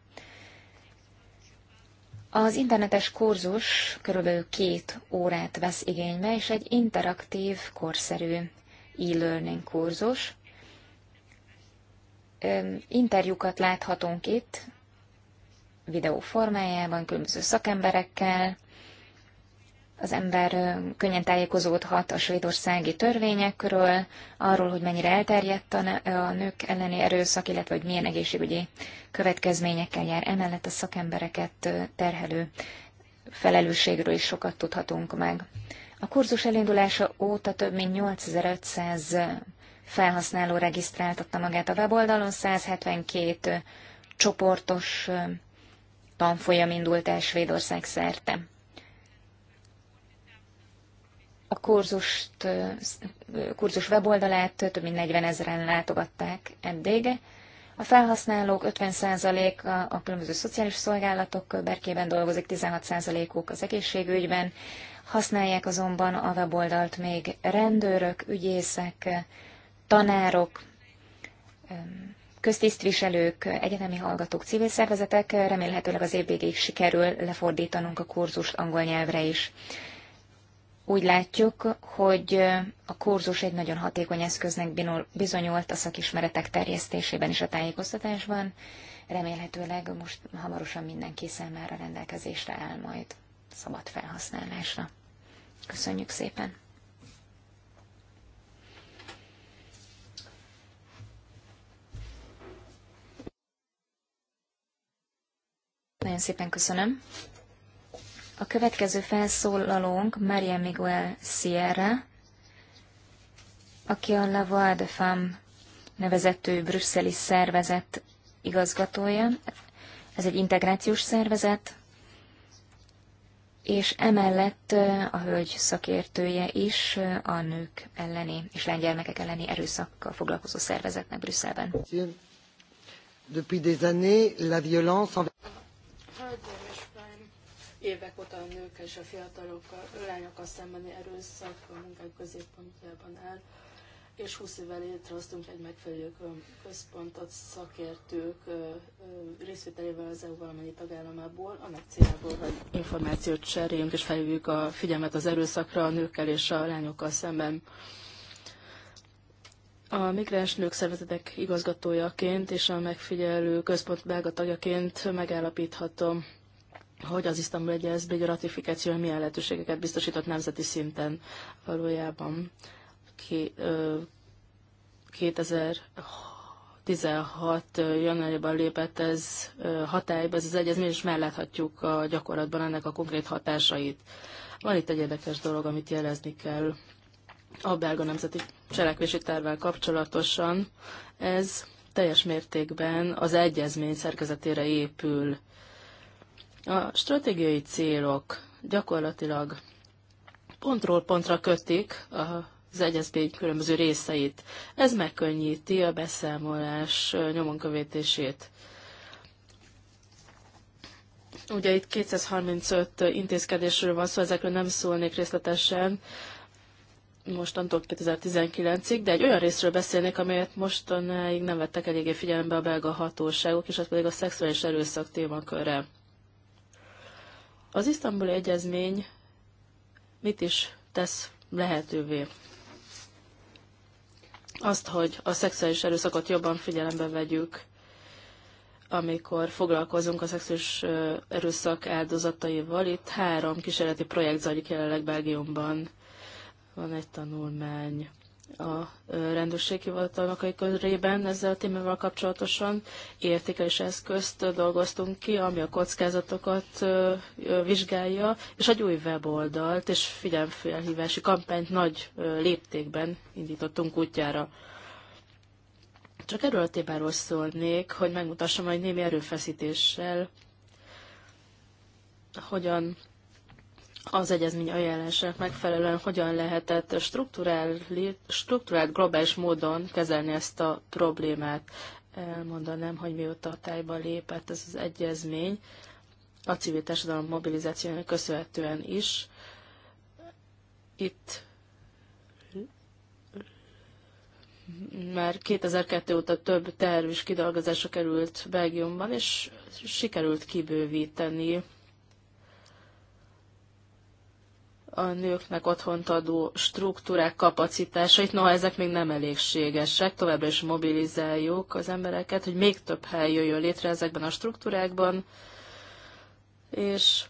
Az internetes kurzus körülbelül két órát vesz igénybe, és egy interaktív, korszerű e-learning kurzus. Interjúkat láthatunk itt videó formájában, különböző szakemberekkel. Az ember könnyen tájékozódhat a svédországi törvényekről, arról, hogy mennyire elterjedt a nők elleni erőszak, illetve hogy milyen egészségügyi következményekkel jár. Emellett a szakembereket terhelő felelősségről is sokat tudhatunk meg. A kurzus elindulása óta több mint 8500 felhasználó regisztráltatta magát a weboldalon, 172 csoportos tanfolyam indult el Svédország szerte. A kurzust, kurzus weboldalát több mint 40 ezeren látogatták eddig. A felhasználók 50%-a a különböző szociális szolgálatok berkében dolgozik, 16%-uk az egészségügyben. Használják azonban a weboldalt még rendőrök, ügyészek, tanárok, köztisztviselők, egyetemi hallgatók, civil szervezetek, remélhetőleg az év végéig sikerül lefordítanunk a kurzust angol nyelvre is. Úgy látjuk, hogy a kurzus egy nagyon hatékony eszköznek bizonyult a szakismeretek terjesztésében és a tájékoztatásban. Remélhetőleg most hamarosan mindenki számára rendelkezésre áll majd szabad felhasználásra. Köszönjük szépen! Nagyon szépen köszönöm. A következő felszólalónk Maria Miguel Sierra, aki a La Voix de Femme nevezető brüsszeli szervezet igazgatója. Ez egy integrációs szervezet, és emellett a hölgy szakértője is a nők elleni és lánygyermekek elleni erőszakkal foglalkozó szervezetnek Brüsszelben. Bangladesben évek óta a nők és a fiatalokkal, lányokkal szembeni erőszak a munkák középpontjában áll, és 20 évvel létrehoztunk egy megfelelő központot szakértők részvételével az EU valamennyi tagállamából, annak céljából, hogy információt cseréljünk és felhívjuk a figyelmet az erőszakra a nőkkel és a lányokkal szemben. A migráns nők szervezetek igazgatójaként és a megfigyelő központ belga tagjaként megállapíthatom, hogy az Isztambul Egyezmény egy ratifikációja milyen lehetőségeket biztosított nemzeti szinten valójában. Ki, ö, 2016 januárjában lépett ez hatályba, ez az egyezmény, és melláthatjuk a gyakorlatban ennek a konkrét hatásait. Van itt egy érdekes dolog, amit jelezni kell a belga nemzeti cselekvési tervvel kapcsolatosan. Ez teljes mértékben az egyezmény szerkezetére épül. A stratégiai célok gyakorlatilag pontról pontra kötik az egyezmény különböző részeit. Ez megkönnyíti a beszámolás nyomonkövetését. Ugye itt 235 intézkedésről van szó, ezekről nem szólnék részletesen mostantól 2019-ig, de egy olyan részről beszélnék, amelyet mostanáig nem vettek eléggé figyelembe a belga hatóságok, és az pedig a szexuális erőszak témaköre. Az isztambuli egyezmény mit is tesz lehetővé? Azt, hogy a szexuális erőszakot jobban figyelembe vegyük, amikor foglalkozunk a szexuális erőszak áldozataival. Itt három kísérleti projekt zajlik jelenleg Belgiumban van egy tanulmány a a körében ezzel a témával kapcsolatosan értékelés eszközt dolgoztunk ki, ami a kockázatokat vizsgálja, és egy új weboldalt és figyelmfelhívási kampányt nagy léptékben indítottunk útjára. Csak erről a témáról szólnék, hogy megmutassam, hogy némi erőfeszítéssel hogyan az egyezmény ajánlásának megfelelően hogyan lehetett struktúrált globális módon kezelni ezt a problémát. Elmondanám, hogy mióta a tájba lépett ez az egyezmény, a civil társadalom mobilizációjának köszönhetően is. Itt már 2002 óta több terv is kidolgozásra került Belgiumban, és sikerült kibővíteni a nőknek otthont adó struktúrák kapacitásait, noha ezek még nem elégségesek, továbbra is mobilizáljuk az embereket, hogy még több hely jöjjön létre ezekben a struktúrákban, és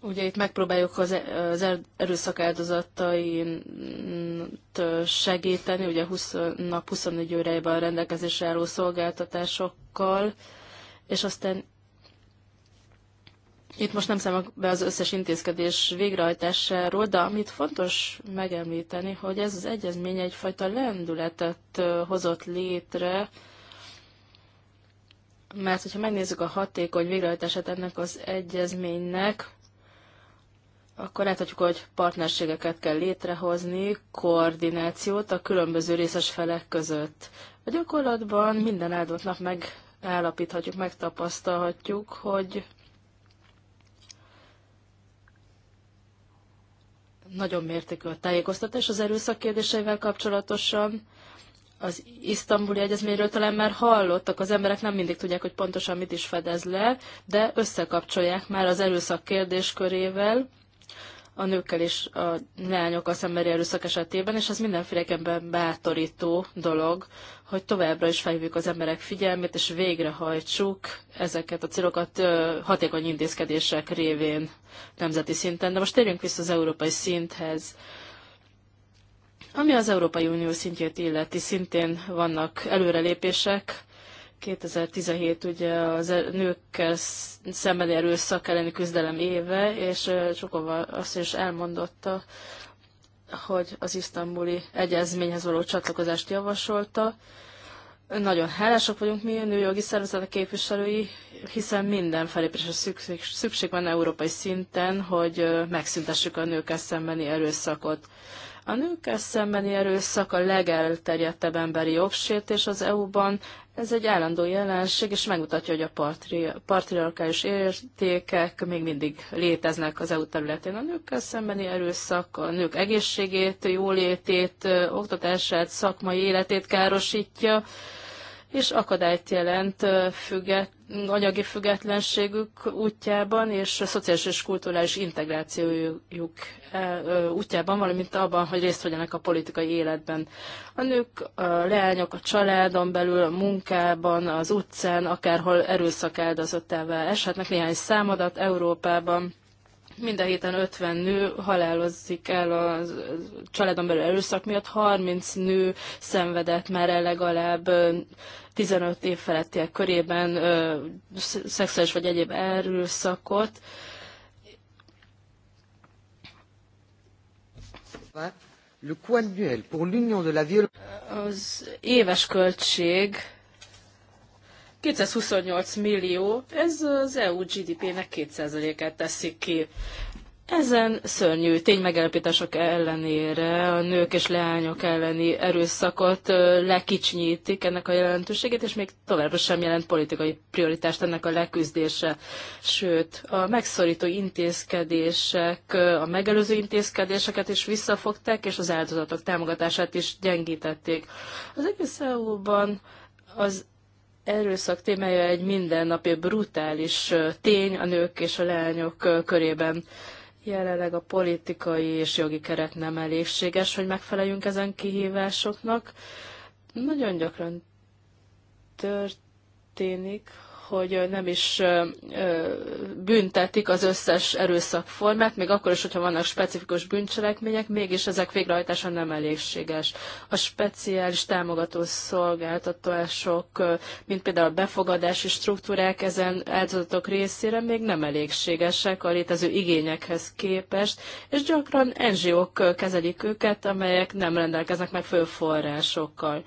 Ugye itt megpróbáljuk az, az erőszak áldozatait segíteni, ugye 20 nap 24 órájában rendelkezésre álló szolgáltatásokkal, és aztán itt most nem számok be az összes intézkedés végrehajtásáról, de amit fontos megemlíteni, hogy ez az egyezmény egyfajta lendületet hozott létre, mert hogyha megnézzük a hatékony végrehajtását ennek az egyezménynek, akkor láthatjuk, hogy partnerségeket kell létrehozni, koordinációt a különböző részes felek között. A gyakorlatban minden áldott nap megállapíthatjuk, megtapasztalhatjuk, hogy nagyon mértékű a tájékoztatás az erőszak kérdéseivel kapcsolatosan. Az isztambuli egyezményről talán már hallottak, az emberek nem mindig tudják, hogy pontosan mit is fedez le, de összekapcsolják már az erőszak kérdéskörével a nőkkel és a lányokkal szemberi erőszak esetében, és ez mindenféleképpen bátorító dolog, hogy továbbra is felhívjuk az emberek figyelmét, és végrehajtsuk ezeket a célokat hatékony intézkedések révén nemzeti szinten. De most térjünk vissza az európai szinthez. Ami az Európai Unió szintjét illeti, szintén vannak előrelépések. 2017 ugye az e- nőkkel szembeni erőszak elleni küzdelem éve, és Csukova azt is elmondotta, hogy az isztambuli egyezményhez való csatlakozást javasolta. Nagyon hálások vagyunk mi, a nőjogi szervezetek képviselői, hiszen minden felépésre szükség, szükség van európai szinten, hogy megszüntessük a nőkkel szembeni erőszakot. A nőkkel szembeni erőszak a legelterjedtebb emberi jogsértés az EU-ban, ez egy állandó jelenség, és megmutatja, hogy a partri, patriarkális értékek még mindig léteznek az EU területén. A nőkkel szembeni erőszak a nők egészségét, jólétét, oktatását, szakmai életét károsítja és akadályt jelent függet, anyagi függetlenségük útjában, és a szociális és kulturális integrációjuk útjában, valamint abban, hogy részt vegyenek a politikai életben. A nők, a leányok a családon belül, a munkában, az utcán, akárhol erőszak áldozattává eshetnek néhány számadat Európában minden héten 50 nő halálozzik el a családon belül erőszak miatt, 30 nő szenvedett már el legalább 15 év felettiek körében szexuális vagy egyéb erőszakot. Az éves költség 228 millió, ez az EU GDP-nek 2%-át teszik ki. Ezen szörnyű ténymegállapítások ellenére a nők és leányok elleni erőszakot lekicsinyítik ennek a jelentőségét, és még továbbra sem jelent politikai prioritást ennek a leküzdése. Sőt, a megszorító intézkedések, a megelőző intézkedéseket is visszafogták, és az áldozatok támogatását is gyengítették. Az egész EU-ban az erőszak témája egy mindennapi brutális tény a nők és a lányok körében. Jelenleg a politikai és jogi keret nem elégséges, hogy megfeleljünk ezen kihívásoknak. Nagyon gyakran történik, hogy nem is büntetik az összes erőszakformát, még akkor is, hogyha vannak specifikus bűncselekmények, mégis ezek végrehajtása nem elégséges. A speciális támogató szolgáltatások, mint például a befogadási struktúrák ezen áldozatok részére még nem elégségesek a létező igényekhez képest, és gyakran NGO-k kezelik őket, amelyek nem rendelkeznek meg fő forrásokkal.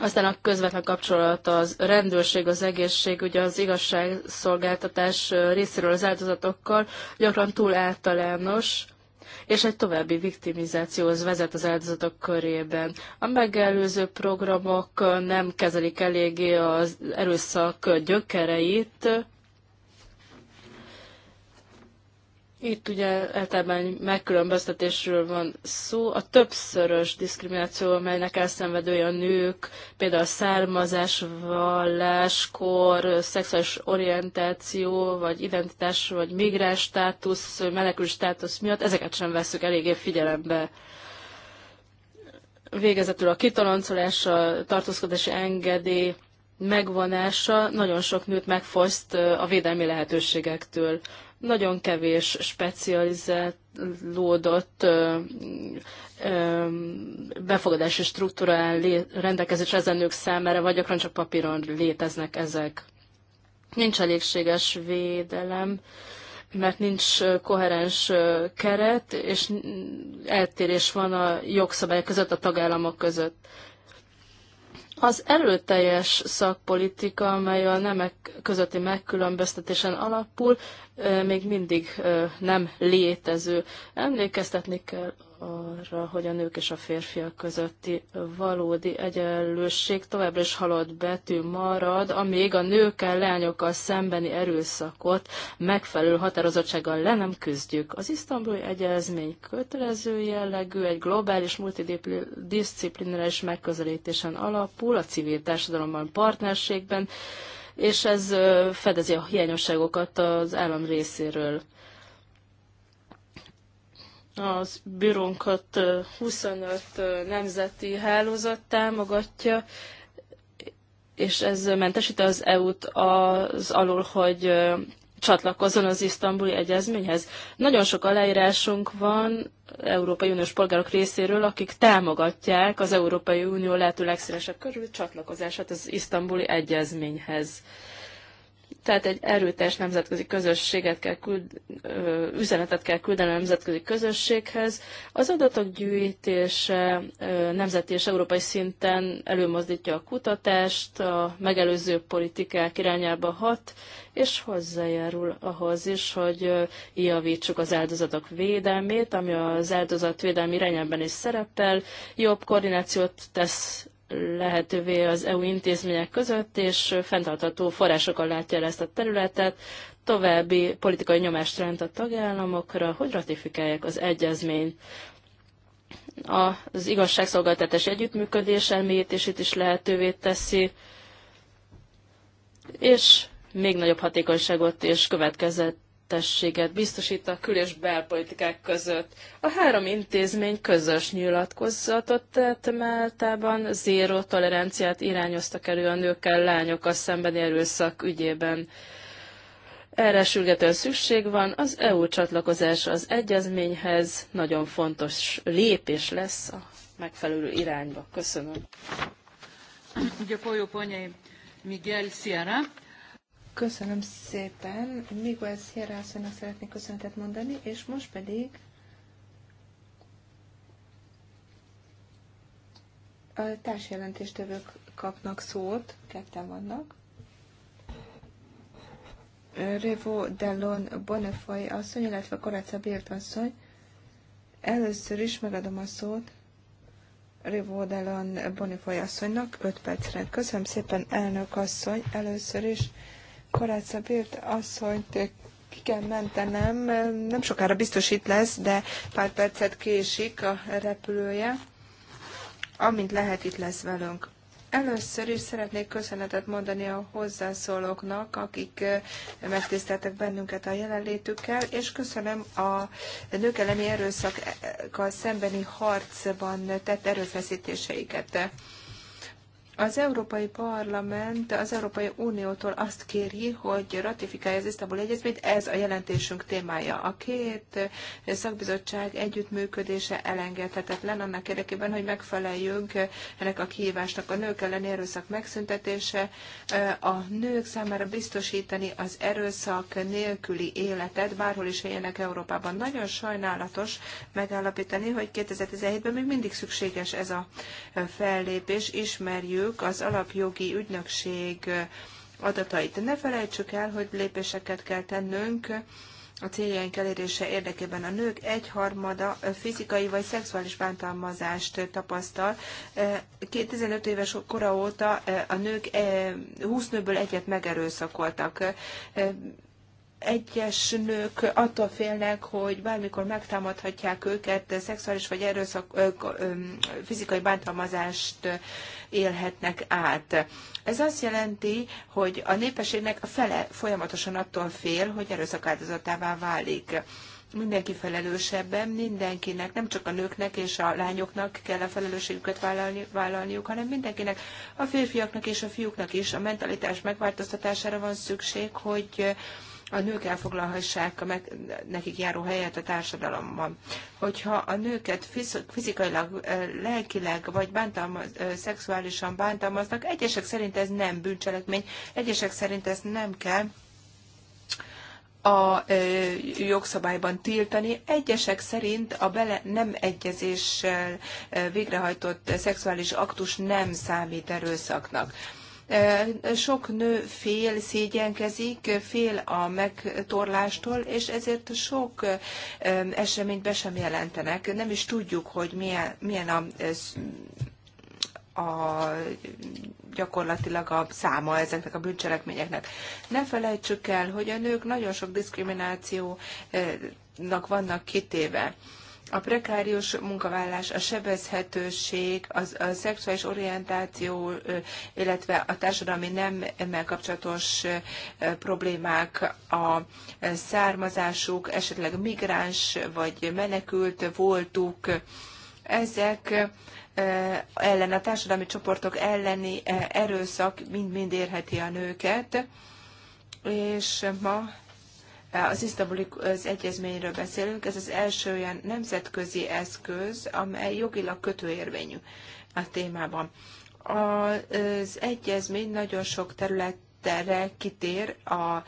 Aztán a közvetlen kapcsolat az rendőrség, az egészség, ugye az igazságszolgáltatás részéről az áldozatokkal gyakran túl általános, és egy további viktimizációhoz vezet az áldozatok körében. A megelőző programok nem kezelik eléggé az erőszak gyökereit, Itt ugye általában megkülönböztetésről van szó. A többszörös diszkrimináció, amelynek elszenvedője a nők, például származás, vallás, kor, szexuális orientáció, vagy identitás, vagy migráns státusz, menekül státusz miatt, ezeket sem veszük eléggé figyelembe. Végezetül a kitoloncolás, a tartózkodási engedély megvonása nagyon sok nőt megfoszt a védelmi lehetőségektől nagyon kevés specializálódott befogadási struktúra rendelkezés ezen nők számára, vagy gyakran csak papíron léteznek ezek. Nincs elégséges védelem, mert nincs koherens keret, és eltérés van a jogszabály között, a tagállamok között. Az erőteljes szakpolitika, amely a nemek közötti megkülönböztetésen alapul, még mindig nem létező. Emlékeztetni kell arra, hogy a nők és a férfiak közötti valódi egyenlőség továbbra is halott betű marad, amíg a nőkkel, lányokkal szembeni erőszakot megfelelő határozottsággal le nem küzdjük. Az isztambuli egyezmény kötelező jellegű, egy globális multidisciplinális megközelítésen alapul, a civil társadalomban, partnerségben, és ez fedezi a hiányosságokat az állam részéről. Az bürónkat 25 nemzeti hálózat támogatja, és ez mentesíti az EU-t az alul, hogy csatlakozzon az isztambuli egyezményhez. Nagyon sok aláírásunk van Európai Uniós polgárok részéről, akik támogatják az Európai Unió lehető legszélesebb körül csatlakozását az isztambuli egyezményhez. Tehát egy erőteljes nemzetközi közösséget kell küld, üzenetet kell küldeni a nemzetközi közösséghez. Az adatok gyűjtése nemzeti és európai szinten előmozdítja a kutatást, a megelőző politikák irányába hat, és hozzájárul ahhoz is, hogy javítsuk az áldozatok védelmét, ami az áldozatvédelmi irányában is szerepel, jobb koordinációt tesz lehetővé az EU intézmények között, és fenntartható forrásokkal látja el ezt a területet, további politikai nyomást jelent a tagállamokra, hogy ratifikálják az egyezményt. Az igazságszolgáltatás együttműködés elmélyítését is lehetővé teszi, és még nagyobb hatékonyságot és következett következetességet biztosít a kül- és belpolitikák között. A három intézmény közös nyilatkozatot tett, máltában zéró toleranciát irányoztak elő a nőkkel lányokkal szemben erőszak ügyében. Erre sürgetően szükség van, az EU csatlakozás az egyezményhez nagyon fontos lépés lesz a megfelelő irányba. Köszönöm. Gyakorló Miguel Sierra. Köszönöm szépen. Még ez asszonynak szeretnék köszöntet mondani, és most pedig a társjelentéstevők kapnak szót, ketten vannak. Revo Dallon Bonnefoy asszony, illetve Koráca Bért asszony. Először is megadom a szót Revo Dallon Bonnefoy asszonynak, 5 percre. Köszönöm szépen, elnök asszony, először is. Karácsa Bért asszonyt ki kell mentenem, nem sokára biztos itt lesz, de pár percet késik a repülője. Amint lehet, itt lesz velünk. Először is szeretnék köszönetet mondani a hozzászólóknak, akik eh, megtiszteltek bennünket a jelenlétükkel, és köszönöm a nők elleni erőszakkal szembeni harcban tett erőfeszítéseiket. Az Európai Parlament az Európai Uniótól azt kéri, hogy ratifikálja az Isztambul Egyezményt, ez a jelentésünk témája. A két szakbizottság együttműködése elengedhetetlen annak érdekében, hogy megfeleljünk ennek a kihívásnak a nők elleni erőszak megszüntetése, a nők számára biztosítani az erőszak nélküli életet, bárhol is éljenek Európában. Nagyon sajnálatos megállapítani, hogy 2017-ben még mindig szükséges ez a fellépés, ismerjük, összevetjük az alapjogi ügynökség adatait. Ne felejtsük el, hogy lépéseket kell tennünk a céljaink elérése érdekében. A nők egyharmada fizikai vagy szexuális bántalmazást tapasztal. 2015 eh, éves kora óta eh, a nők 20 eh, nőből egyet megerőszakoltak egyes nők attól félnek, hogy bármikor megtámadhatják őket, szexuális vagy erőszak, fizikai bántalmazást élhetnek át. Ez azt jelenti, hogy a népességnek a fele folyamatosan attól fél, hogy erőszak áldozatává válik mindenki felelősebben, mindenkinek, nem csak a nőknek és a lányoknak kell a felelősségüket vállalni, vállalniuk, hanem mindenkinek, a férfiaknak és a fiúknak is a mentalitás megváltoztatására van szükség, hogy a nők elfoglalhassák a meg, nekik járó helyet a társadalomban. Hogyha a nőket fizikailag, lelkileg vagy bántalmaz, szexuálisan bántalmaznak, egyesek szerint ez nem bűncselekmény, egyesek szerint ez nem kell a jogszabályban tiltani. Egyesek szerint a bele nem egyezéssel végrehajtott szexuális aktus nem számít erőszaknak sok nő fél szégyenkezik, fél a megtorlástól, és ezért sok eseményt be sem jelentenek. Nem is tudjuk, hogy milyen, milyen a a, gyakorlatilag a száma ezeknek a bűncselekményeknek. Ne felejtsük el, hogy a nők nagyon sok diszkriminációnak vannak kitéve a prekárius munkavállás, a sebezhetőség, az, a szexuális orientáció, illetve a társadalmi nemmel kapcsolatos problémák, a származásuk, esetleg migráns vagy menekült voltuk, ezek ellen, a társadalmi csoportok elleni erőszak mind-mind érheti a nőket, és ma az isztambuli az egyezményről beszélünk, ez az első olyan nemzetközi eszköz, amely jogilag kötőérvényű a témában. Az egyezmény nagyon sok terület erre kitér a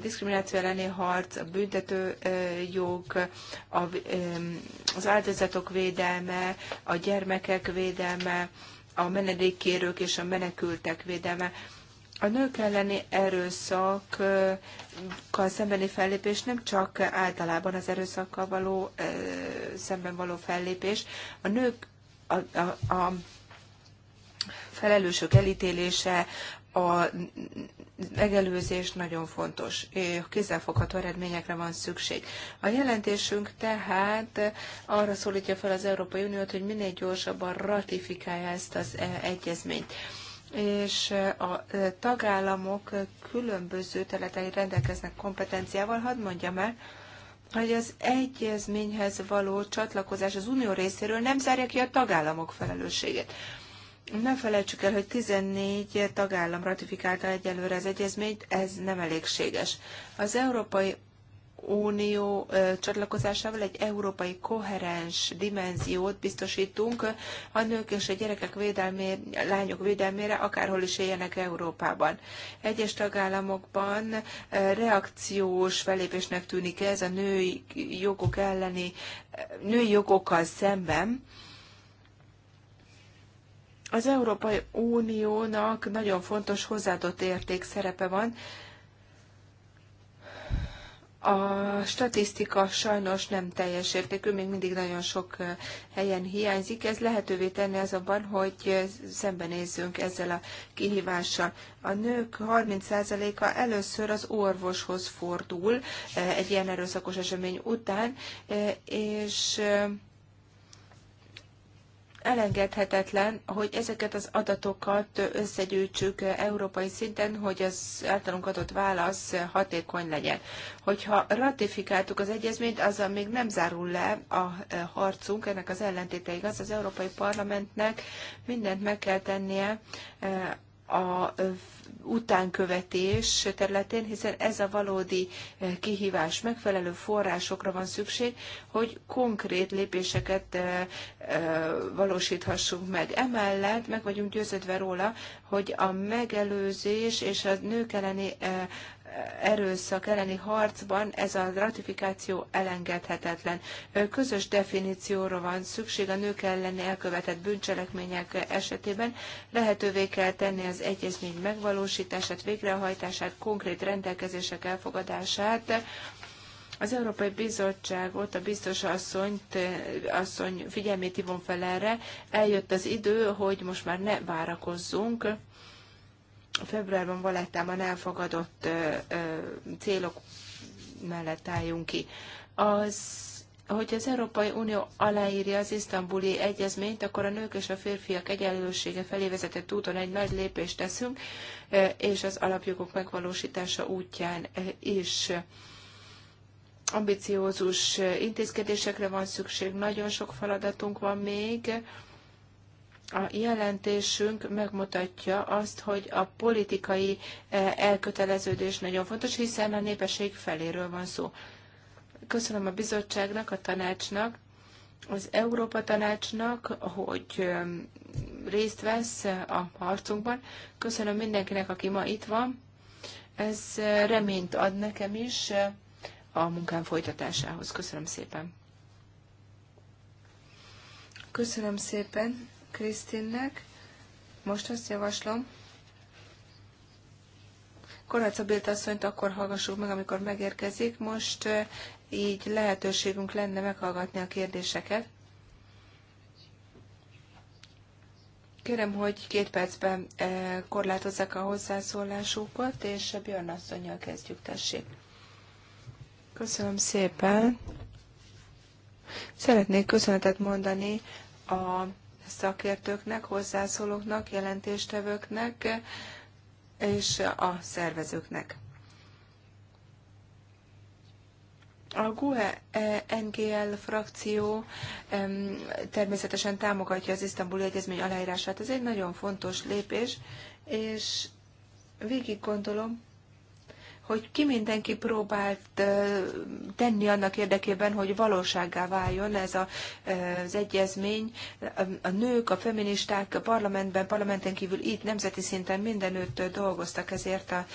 diszkrimináció elleni harc, a büntető jog, az áldozatok védelme, a gyermekek védelme, a menedékkérők és a menekültek védelme. A nők elleni erőszakkal szembeni fellépés nem csak általában az erőszakkal való, szemben való fellépés. A nők a, a, a felelősök elítélése, a megelőzés nagyon fontos, kézzelfogható eredményekre van szükség. A jelentésünk tehát arra szólítja fel az Európai Uniót, hogy minél gyorsabban ratifikálja ezt az egyezményt és a tagállamok különböző területei rendelkeznek kompetenciával. Hadd mondjam el, hogy az egyezményhez való csatlakozás az unió részéről nem zárja ki a tagállamok felelősségét. Ne felejtsük el, hogy 14 tagállam ratifikálta egyelőre az egyezményt, ez nem elégséges. Az Európai Unió csatlakozásával egy európai koherens dimenziót biztosítunk a nők és a gyerekek védelmére, lányok védelmére, akárhol is éljenek Európában. Egyes tagállamokban reakciós felépésnek tűnik ez a női jogok elleni, női jogokkal szemben, az Európai Uniónak nagyon fontos hozzáadott érték szerepe van, a statisztika sajnos nem teljes értékű, még mindig nagyon sok helyen hiányzik. Ez lehetővé tenni azonban, hogy szembenézzünk ezzel a kihívással. A nők 30%-a először az orvoshoz fordul egy ilyen erőszakos esemény után, és elengedhetetlen, hogy ezeket az adatokat összegyűjtsük európai szinten, hogy az általunk adott válasz hatékony legyen. Hogyha ratifikáltuk az egyezményt, azzal még nem zárul le a harcunk, ennek az ellentéte igaz, az Európai Parlamentnek mindent meg kell tennie a utánkövetés területén, hiszen ez a valódi kihívás. Megfelelő forrásokra van szükség, hogy konkrét lépéseket valósíthassunk meg. Emellett meg vagyunk győződve róla, hogy a megelőzés és a nők elleni erőszak elleni harcban ez a ratifikáció elengedhetetlen. Közös definícióra van szükség a nők elleni elkövetett bűncselekmények esetében. Lehetővé kell tenni az egyezmény megvalósítását, végrehajtását, konkrét rendelkezések elfogadását, az Európai Bizottságot, a biztos asszonyt, asszony figyelmét hívom fel erre. Eljött az idő, hogy most már ne várakozzunk, februárban Valettában elfogadott célok mellett álljunk ki. Az hogy az Európai Unió aláírja az isztambuli egyezményt, akkor a nők és a férfiak egyenlősége felé vezetett úton egy nagy lépést teszünk, és az alapjogok megvalósítása útján is ambiciózus intézkedésekre van szükség, nagyon sok feladatunk van még, a jelentésünk megmutatja azt, hogy a politikai e, elköteleződés nagyon fontos, hiszen a népesség feléről van szó. Köszönöm a bizottságnak, a tanácsnak, az Európa Tanácsnak, hogy e, részt vesz a harcunkban. Köszönöm mindenkinek, aki ma itt van. Ez e, reményt ad nekem is a munkám folytatásához. Köszönöm szépen. Köszönöm szépen. Krisztinnek. Most azt javaslom, Koráca Bélt asszonyt akkor hallgassuk meg, amikor megérkezik. Most így lehetőségünk lenne meghallgatni a kérdéseket. Kérem, hogy két percben korlátozzák a hozzászólásukat, és Björn asszonynal kezdjük, tessék. Köszönöm szépen. Szeretnék köszönetet mondani a szakértőknek, hozzászólóknak, jelentéstevőknek és a szervezőknek. A GUE NGL frakció természetesen támogatja az isztambuli egyezmény aláírását. Ez egy nagyon fontos lépés, és végig gondolom, hogy ki mindenki próbált tenni annak érdekében, hogy valósággá váljon ez a, az egyezmény. A nők, a feministák a parlamentben, parlamenten kívül itt, nemzeti szinten mindenütt dolgoztak ezért a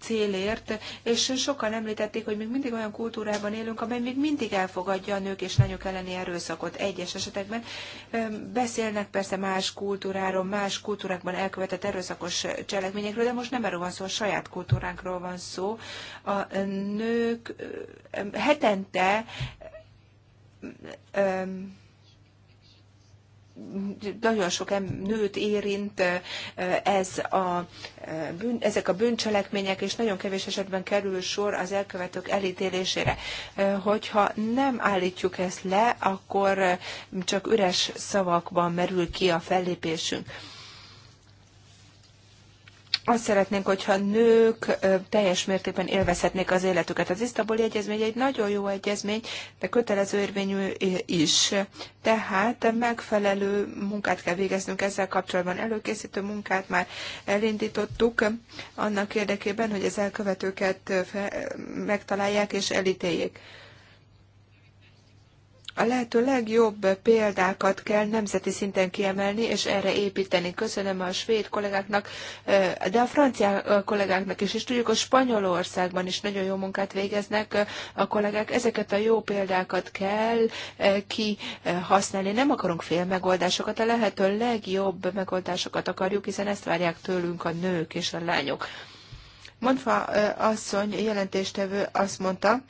célért, és sokan említették, hogy még mindig olyan kultúrában élünk, amely még mindig elfogadja a nők és lányok elleni erőszakot egyes esetekben. Beszélnek persze más kultúráról, más kultúrákban elkövetett erőszakos cselekményekről, de most nem erről van szó, a saját kultúránkról nőkről van szó. A nők hetente nagyon sok nőt érint ez a, bűn, ezek a bűncselekmények, és nagyon kevés esetben kerül sor az elkövetők elítélésére. Hogyha nem állítjuk ezt le, akkor csak üres szavakban merül ki a fellépésünk azt szeretnénk, hogyha nők teljes mértékben élvezhetnék az életüket. Az Isztaboli egyezmény egy nagyon jó egyezmény, de kötelező érvényű is. Tehát megfelelő munkát kell végeznünk ezzel kapcsolatban. Előkészítő munkát már elindítottuk annak érdekében, hogy az elkövetőket megtalálják és elítéljék. A lehető legjobb példákat kell nemzeti szinten kiemelni, és erre építeni. Köszönöm a svéd kollégáknak, eh, de a francia eh, kollégáknak is, és tudjuk, hogy Spanyolországban is nagyon jó munkát végeznek eh, a kollégák. Ezeket a jó példákat kell kihasználni. Nem akarunk fél megoldásokat, a lehető legjobb megoldásokat akarjuk, hiszen ezt várják tőlünk a nők és a lányok. Mondva asszony, jelentéstevő azt mondta,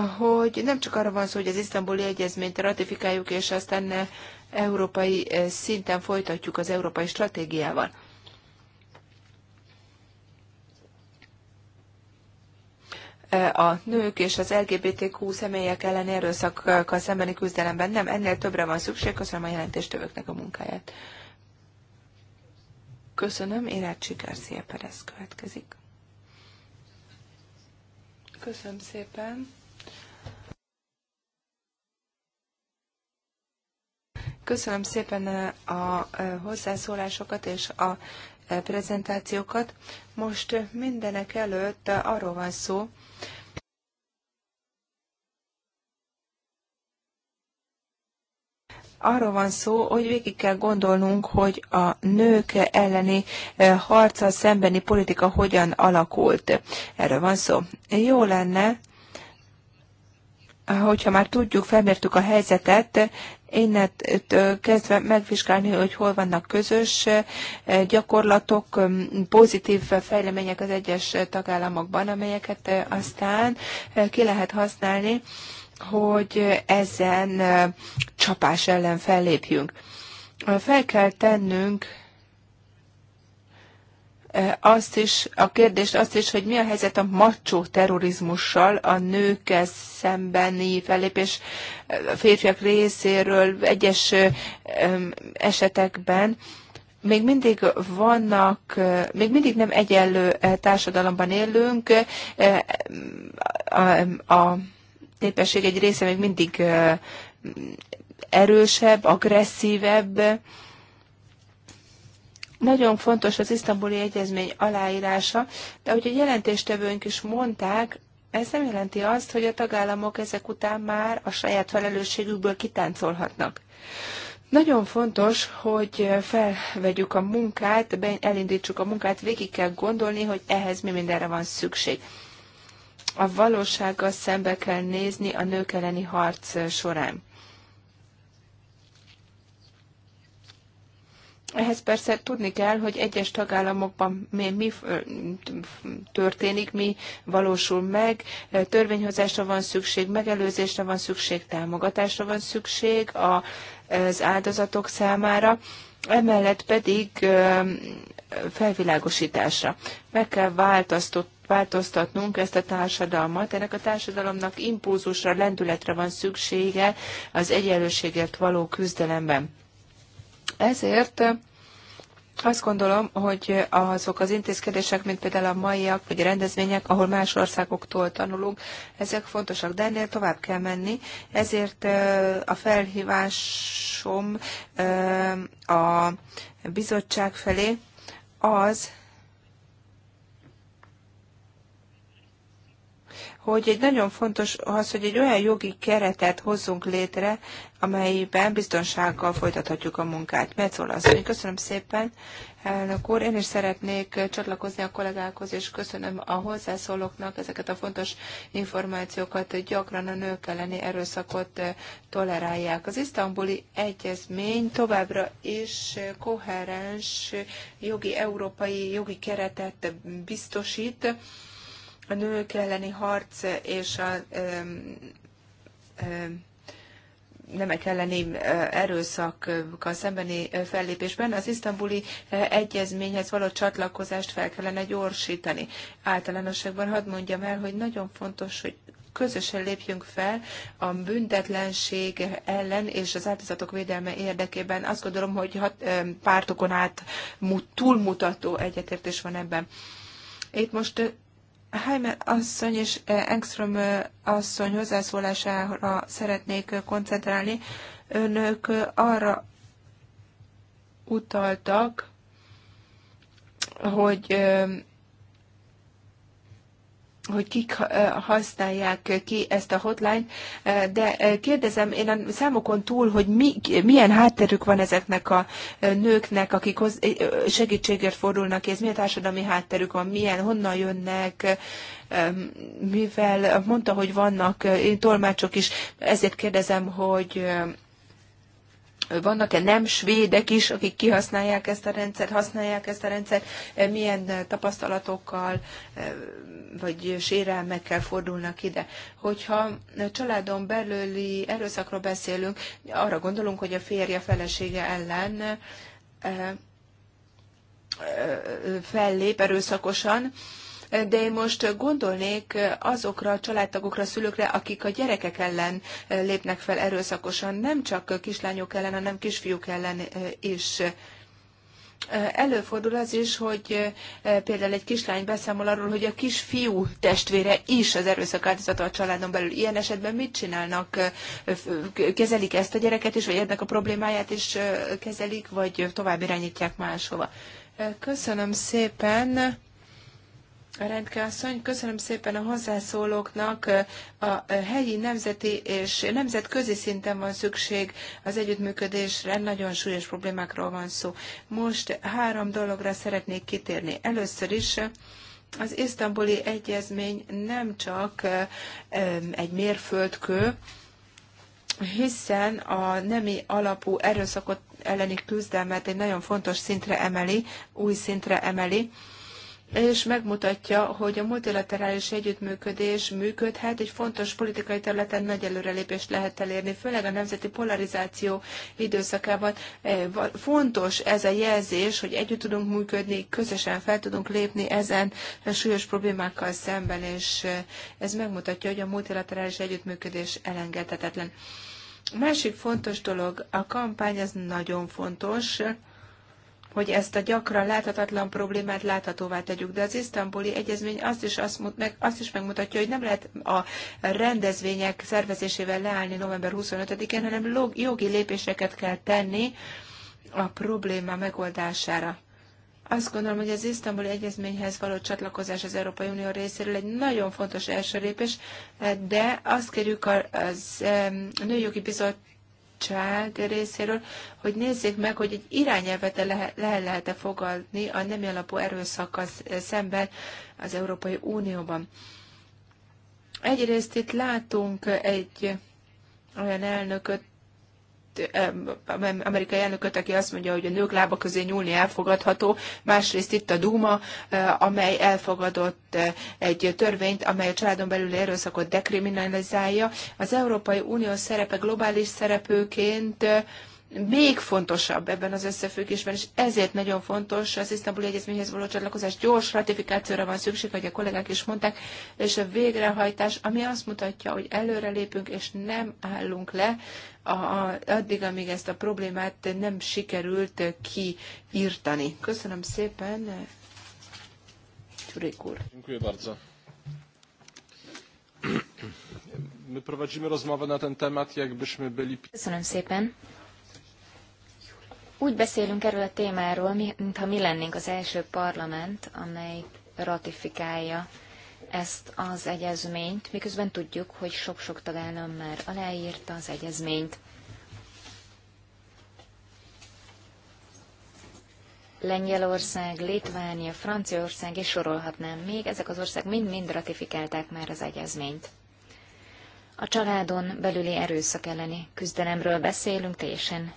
hogy nem csak arra van szó, hogy az isztambuli egyezményt ratifikáljuk, és aztán eh, európai eh, szinten folytatjuk az európai stratégiával. Eh, a nők és az LGBTQ személyek ellen erőszakkal szembeni küzdelemben nem, ennél többre van szükség. Köszönöm a jelentéstövőknek a munkáját. Köszönöm, Érácsi Szépen, ez következik. Köszönöm szépen. Köszönöm szépen eh, a eh, hozzászólásokat és a eh, prezentációkat. Most mindenek előtt arról van szó, arról van szó, hogy végig kell gondolnunk, hogy a nők elleni harca szembeni politika hogyan alakult. Erről van szó. Jó lenne, hogyha már tudjuk, felmértük a helyzetet, innentől kezdve megvizsgálni, hogy hol vannak közös eh, gyakorlatok, mm, pozitív fejlemények az egyes tagállamokban, amelyeket eh, aztán eh, ki lehet használni, hogy ezen csapás ellen fellépjünk. Fel kell tennünk azt is, a kérdést azt is, hogy mi a helyzet a macsó terrorizmussal, a nőkkel szembeni fellépés férfiak részéről egyes esetekben. Még mindig vannak, még mindig nem egyenlő eh, társadalomban élünk, eh, a, a népesség egy része még mindig eh, erősebb, agresszívebb, nagyon fontos az isztambuli egyezmény aláírása, de ahogy a jelentéstevőnk is mondták, ez nem jelenti azt, hogy a tagállamok ezek után már a saját felelősségükből kitáncolhatnak. Nagyon fontos, hogy felvegyük a munkát, elindítsuk a munkát, végig kell gondolni, hogy ehhez mi mindenre van szükség. A valósággal szembe kell nézni a nők elleni harc során. Ehhez persze tudni kell, hogy egyes tagállamokban mi, mi történik, mi valósul meg, törvényhozásra van szükség, megelőzésre van szükség, támogatásra van szükség az áldozatok számára, emellett pedig felvilágosításra. Meg kell változtatni változtatnunk ezt a társadalmat. Ennek a társadalomnak impulzusra, lendületre van szüksége az egyenlőségért való küzdelemben. Ezért azt gondolom, hogy azok az intézkedések, mint például a maiak, vagy a rendezvények, ahol más országoktól tanulunk, ezek fontosak, de ennél tovább kell menni. Ezért a felhívásom a bizottság felé az, hogy egy nagyon fontos az, hogy egy olyan jogi keretet hozzunk létre, amelyben biztonsággal folytathatjuk a munkát. Metzola köszönöm szépen, elnök úr. Én is szeretnék csatlakozni a kollégákhoz, és köszönöm a hozzászólóknak ezeket a fontos információkat. hogy Gyakran a nők elleni erőszakot eh, tolerálják. Az isztambuli egyezmény továbbra is koherens jogi európai jogi keretet biztosít, a nők elleni harc és a nemek elleni erőszakkal szembeni fellépésben az isztambuli egyezményhez való csatlakozást fel kellene gyorsítani. Általánosságban hadd mondjam el, hogy nagyon fontos, hogy közösen lépjünk fel a büntetlenség ellen és az áldozatok védelme érdekében. Azt gondolom, hogy hat, pártokon át túlmutató egyetértés van ebben. Itt most Heime asszony és eh, Engström eh, asszony hozzászólására szeretnék eh, koncentrálni. Önök arra utaltak, hogy hogy kik használják ki ezt a hotline, de kérdezem én a számokon túl, hogy mi, milyen hátterük van ezeknek a nőknek, akik segítségért fordulnak, ez milyen társadalmi hátterük van, milyen, honnan jönnek, mivel mondta, hogy vannak tolmácsok is, ezért kérdezem, hogy vannak-e nem svédek is, akik kihasználják ezt a rendszert, használják ezt a rendszert, milyen tapasztalatokkal vagy sérelmekkel fordulnak ide. Hogyha családon belüli erőszakról beszélünk, arra gondolunk, hogy a férje felesége ellen eh, eh, fellép erőszakosan, de én most gondolnék azokra a családtagokra, szülőkre, akik a gyerekek ellen eh, lépnek fel erőszakosan, nem csak kislányok ellen, hanem kisfiúk ellen eh, is. Eh, előfordul az is, hogy például egy kislány beszámol arról, hogy a kisfiú testvére is az erőszak áldozata a családon belül. Ilyen esetben mit csinálnak? Kezelik ezt a gyereket is, vagy ennek a problémáját is kezelik, vagy tovább irányítják máshova? Köszönöm szépen. Rendke asszony, köszönöm szépen a hozzászólóknak. A helyi, nemzeti és nemzetközi szinten van szükség az együttműködésre, nagyon súlyos problémákról van szó. Most három dologra szeretnék kitérni. Először is az isztambuli egyezmény nem csak egy mérföldkő, hiszen a nemi alapú erőszakot elleni küzdelmet egy nagyon fontos szintre emeli, új szintre emeli, és megmutatja, hogy a multilaterális együttműködés működhet, egy fontos politikai területen nagy előrelépést lehet elérni, főleg a nemzeti polarizáció időszakában. E, fontos ez a jelzés, hogy együtt tudunk működni, közösen fel tudunk lépni ezen súlyos problémákkal szemben, és ez megmutatja, hogy a multilaterális együttműködés elengedhetetlen. másik fontos dolog, a kampány, ez nagyon fontos hogy ezt a gyakran láthatatlan problémát láthatóvá tegyük. De az isztambuli egyezmény azt is, azt, meg, azt is megmutatja, hogy nem lehet a rendezvények szervezésével leállni november 25-én, hanem jogi lépéseket kell tenni a probléma megoldására. Azt gondolom, hogy az isztambuli egyezményhez való csatlakozás az Európai Unió részéről egy nagyon fontos első lépés, de azt kérjük az Nőjogi Bizottság, bizottság részéről, hogy nézzék meg, hogy egy irányelvet le, le lehet-e fogadni a nemi alapú erőszakkal szemben az Európai Unióban. Egyrészt itt látunk egy olyan elnököt, amerikai elnököt, aki azt mondja, hogy a nők lába közé nyúlni elfogadható, másrészt itt a Duma, eh, amely elfogadott eh, egy törvényt, amely a családon belüli erőszakot dekriminalizálja. Az Európai Unió szerepe globális szerepőként eh, még fontosabb ebben az összefüggésben, és ezért nagyon fontos az isztambuli egyezményhez való csatlakozás. Gyors ratifikációra van szükség, ahogy a kollégák is mondták, és a végrehajtás, ami azt mutatja, hogy előrelépünk, és nem állunk le a, a, addig, amíg ezt a problémát nem sikerült kiírtani. Köszönöm szépen, Csurik úr. Dziękuję bardzo. My prowadzimy rozmowę na ten temat, jakbyśmy byli... Köszönöm szépen. Úgy beszélünk erről a témáról, mintha mi lennénk az első parlament, amely ratifikálja ezt az egyezményt, miközben tudjuk, hogy sok-sok tagállam már aláírta az egyezményt. Lengyelország, Litvánia, Franciaország, és sorolhatnám még, ezek az ország mind-mind ratifikálták már az egyezményt. A családon belüli erőszak elleni küzdelemről beszélünk, teljesen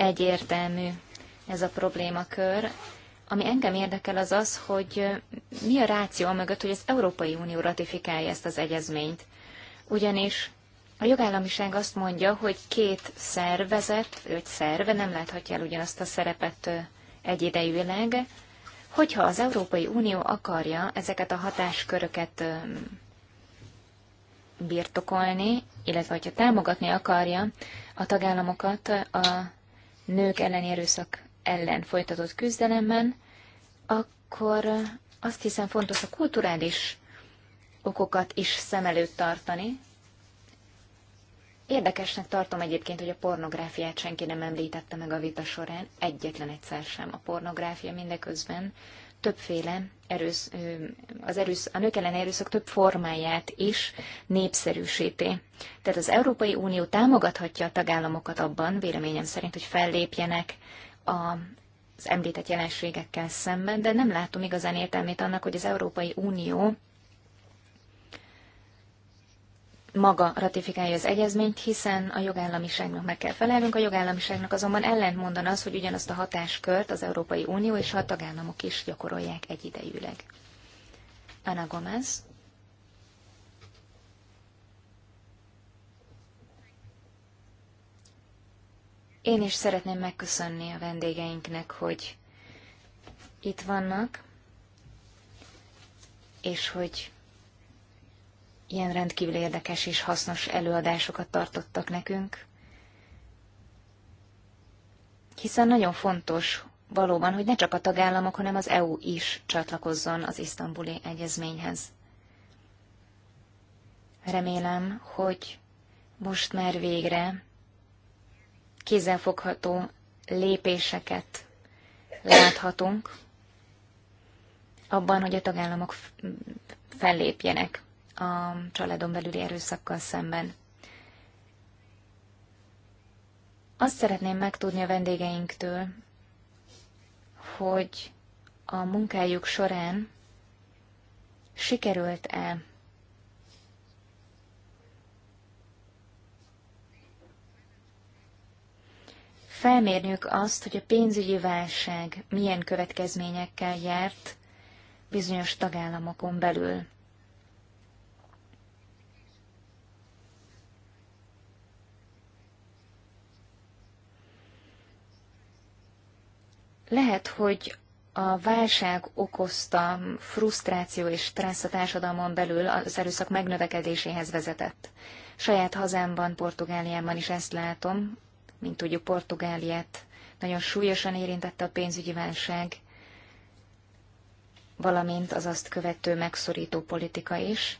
egyértelmű ez a problémakör. Ami engem érdekel az az, hogy mi a ráció mögött, hogy az Európai Unió ratifikálja ezt az egyezményt. Ugyanis a jogállamiság azt mondja, hogy két szervezet, vagy szerve nem láthatja el ugyanazt a szerepet egyidejűleg, hogyha az Európai Unió akarja ezeket a hatásköröket birtokolni, illetve hogyha támogatni akarja a tagállamokat a nők elleni erőszak ellen folytatott küzdelemben, akkor azt hiszem fontos a kulturális okokat is szem előtt tartani. Érdekesnek tartom egyébként, hogy a pornográfiát senki nem említette meg a vita során, egyetlen egyszer sem. A pornográfia mindeközben többféle erősz, az erősz, a nők ellen erőszak több formáját is népszerűsíti. Tehát az Európai Unió támogathatja a tagállamokat abban, véleményem szerint, hogy fellépjenek a az említett jelenségekkel szemben, de nem látom igazán értelmét annak, hogy az Európai Unió maga ratifikálja az egyezményt, hiszen a jogállamiságnak meg kell felelnünk, a jogállamiságnak azonban ellentmondan az, hogy ugyanazt a hatáskört az Európai Unió és a tagállamok is gyakorolják egyidejűleg. Ana Gomez. Én is szeretném megköszönni a vendégeinknek, hogy itt vannak, és hogy ilyen rendkívül érdekes és hasznos előadásokat tartottak nekünk. Hiszen nagyon fontos valóban, hogy ne csak a tagállamok, hanem az EU is csatlakozzon az isztambuli egyezményhez. Remélem, hogy most már végre kézzelfogható lépéseket láthatunk abban, hogy a tagállamok fellépjenek a családon belüli erőszakkal szemben. Azt szeretném megtudni a vendégeinktől, hogy a munkájuk során sikerült-e felmérniük azt, hogy a pénzügyi válság milyen következményekkel járt bizonyos tagállamokon belül. Lehet, hogy a válság okozta frusztráció és stressz a társadalmon belül az erőszak megnövekedéséhez vezetett. Saját hazámban, Portugáliában is ezt látom. Mint tudjuk, Portugáliát nagyon súlyosan érintette a pénzügyi válság, valamint az azt követő megszorító politika is.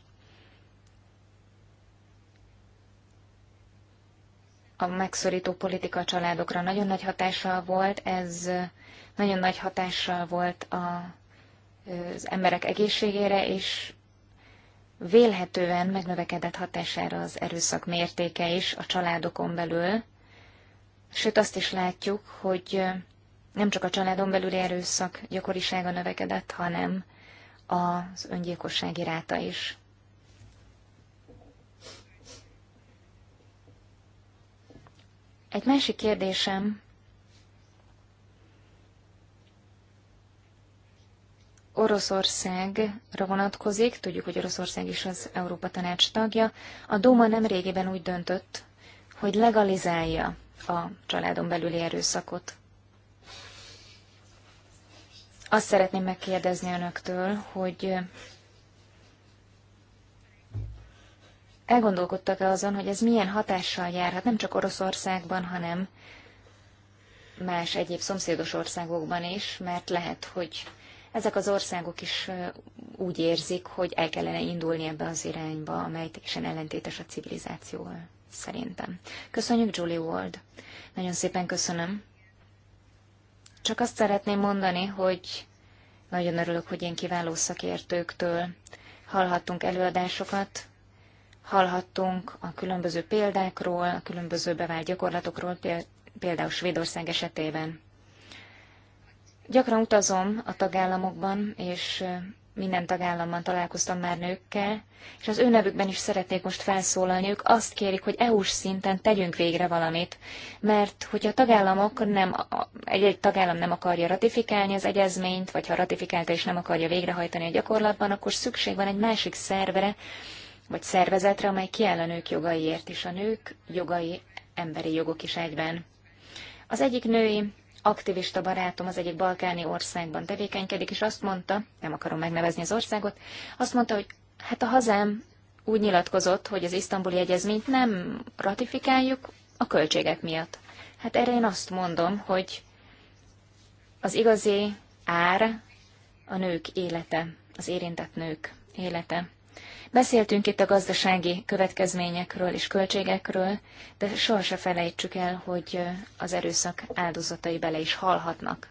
A megszorító politika a családokra nagyon nagy hatással volt, ez nagyon nagy hatással volt a, az emberek egészségére, és vélhetően megnövekedett hatására az erőszak mértéke is a családokon belül. Sőt, azt is látjuk, hogy nem csak a családon belüli erőszak gyakorisága növekedett, hanem az öngyilkosság iráta is. Egy másik kérdésem Oroszországra vonatkozik, tudjuk, hogy Oroszország is az Európa Tanács tagja. A Duma nem régiben úgy döntött, hogy legalizálja a családon belüli erőszakot. Azt szeretném megkérdezni önöktől, hogy elgondolkodtak-e azon, hogy ez milyen hatással járhat nem csak Oroszországban, hanem más egyéb szomszédos országokban is, mert lehet, hogy ezek az országok is úgy érzik, hogy el kellene indulni ebbe az irányba, amely teljesen ellentétes a civilizációval, szerintem. Köszönjük, Julie Ward. Nagyon szépen köszönöm. Csak azt szeretném mondani, hogy nagyon örülök, hogy ilyen kiváló szakértőktől hallhattunk előadásokat, hallhattunk a különböző példákról, a különböző bevált gyakorlatokról, például Svédország esetében. Gyakran utazom a tagállamokban, és minden tagállamban találkoztam már nőkkel, és az ő nevükben is szeretnék most felszólalni. Ők azt kérik, hogy EU-s szinten tegyünk végre valamit, mert hogyha a tagállamok nem, egy-egy tagállam nem akarja ratifikálni az egyezményt, vagy ha ratifikálta és nem akarja végrehajtani a gyakorlatban, akkor szükség van egy másik szervere, vagy szervezetre, amely kiáll a nők jogaiért, és a nők jogai emberi jogok is egyben. Az egyik női aktivista barátom az egyik balkáni országban tevékenykedik, és azt mondta, nem akarom megnevezni az országot, azt mondta, hogy hát a hazám úgy nyilatkozott, hogy az isztambuli egyezményt nem ratifikáljuk a költségek miatt. Hát erre én azt mondom, hogy az igazi ár a nők élete, az érintett nők élete. Beszéltünk itt a gazdasági következményekről és költségekről, de sohasem felejtsük el, hogy az erőszak áldozatai bele is halhatnak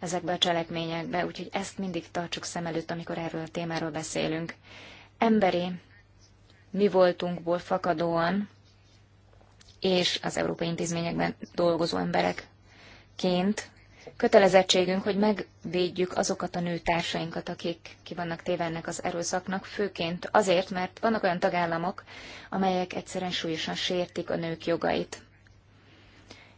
ezekbe a cselekményekbe, úgyhogy ezt mindig tartsuk szem előtt, amikor erről a témáról beszélünk. Emberi mi voltunkból fakadóan, és az európai intézményekben dolgozó emberekként kötelezettségünk, hogy megvédjük azokat a nőtársainkat, akik ki vannak téve ennek az erőszaknak, főként azért, mert vannak olyan tagállamok, amelyek egyszerűen súlyosan sértik a nők jogait.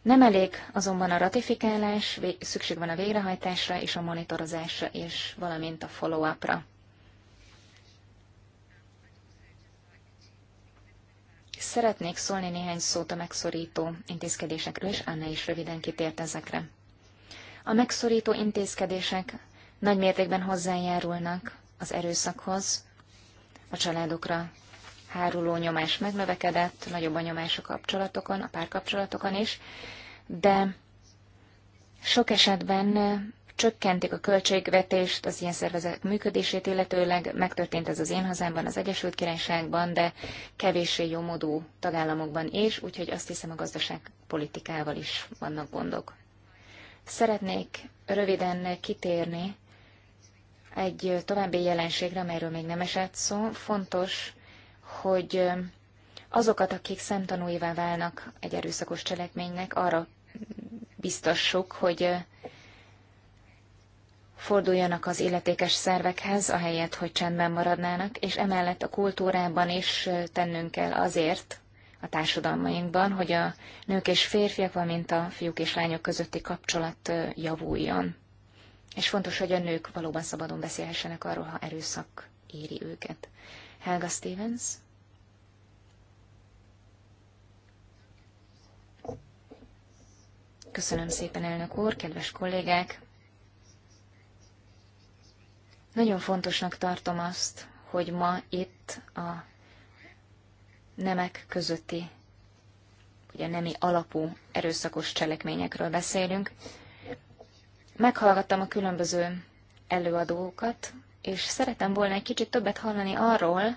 Nem elég azonban a ratifikálás, szükség van a végrehajtásra és a monitorozásra, és valamint a follow-upra. Szeretnék szólni néhány szót a megszorító intézkedésekről, és Anna is röviden kitért ezekre. A megszorító intézkedések nagy mértékben hozzájárulnak az erőszakhoz, a családokra háruló nyomás megnövekedett, nagyobb a nyomás a kapcsolatokon, a párkapcsolatokon is, de sok esetben csökkentik a költségvetést, az ilyen szervezetek működését, illetőleg megtörtént ez az én hazámban, az Egyesült Királyságban, de kevéssé jómodú tagállamokban is, úgyhogy azt hiszem a gazdaságpolitikával is vannak gondok. Szeretnék röviden kitérni egy további jelenségre, amelyről még nem esett szó. Fontos, hogy azokat, akik szemtanúivá válnak egy erőszakos cselekménynek, arra biztassuk, hogy forduljanak az illetékes szervekhez, ahelyett, hogy csendben maradnának, és emellett a kultúrában is tennünk kell azért, a társadalmainkban, hogy a nők és férfiak, valamint a fiúk és lányok közötti kapcsolat javuljon. És fontos, hogy a nők valóban szabadon beszélhessenek arról, ha erőszak éri őket. Helga Stevens? Köszönöm szépen, elnök úr, kedves kollégák! Nagyon fontosnak tartom azt, hogy ma itt a nemek közötti, ugye nemi alapú erőszakos cselekményekről beszélünk. Meghallgattam a különböző előadókat, és szeretem volna egy kicsit többet hallani arról,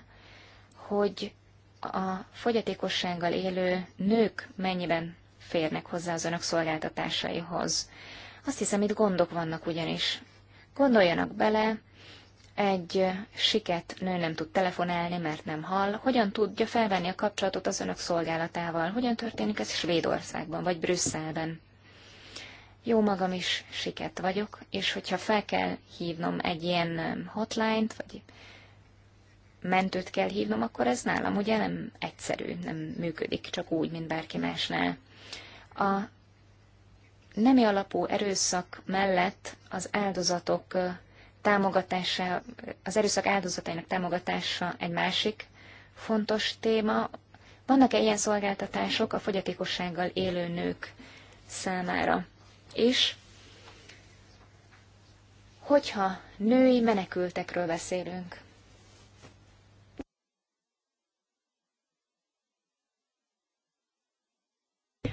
hogy a fogyatékossággal élő nők mennyiben férnek hozzá az önök szolgáltatásaihoz. Azt hiszem, itt gondok vannak ugyanis. Gondoljanak bele, egy siket nő nem tud telefonálni, mert nem hall, hogyan tudja felvenni a kapcsolatot az önök szolgálatával, hogyan történik ez Svédországban vagy Brüsszelben. Jó magam is siket vagyok, és hogyha fel kell hívnom egy ilyen um, hotline-t, vagy mentőt kell hívnom, akkor ez nálam ugye nem egyszerű, nem működik csak úgy, mint bárki másnál. A nemi alapú erőszak mellett az áldozatok uh, támogatása, az erőszak áldozatainak támogatása egy másik fontos téma. Vannak-e ilyen szolgáltatások a fogyatékossággal élő nők számára? És hogyha női menekültekről beszélünk,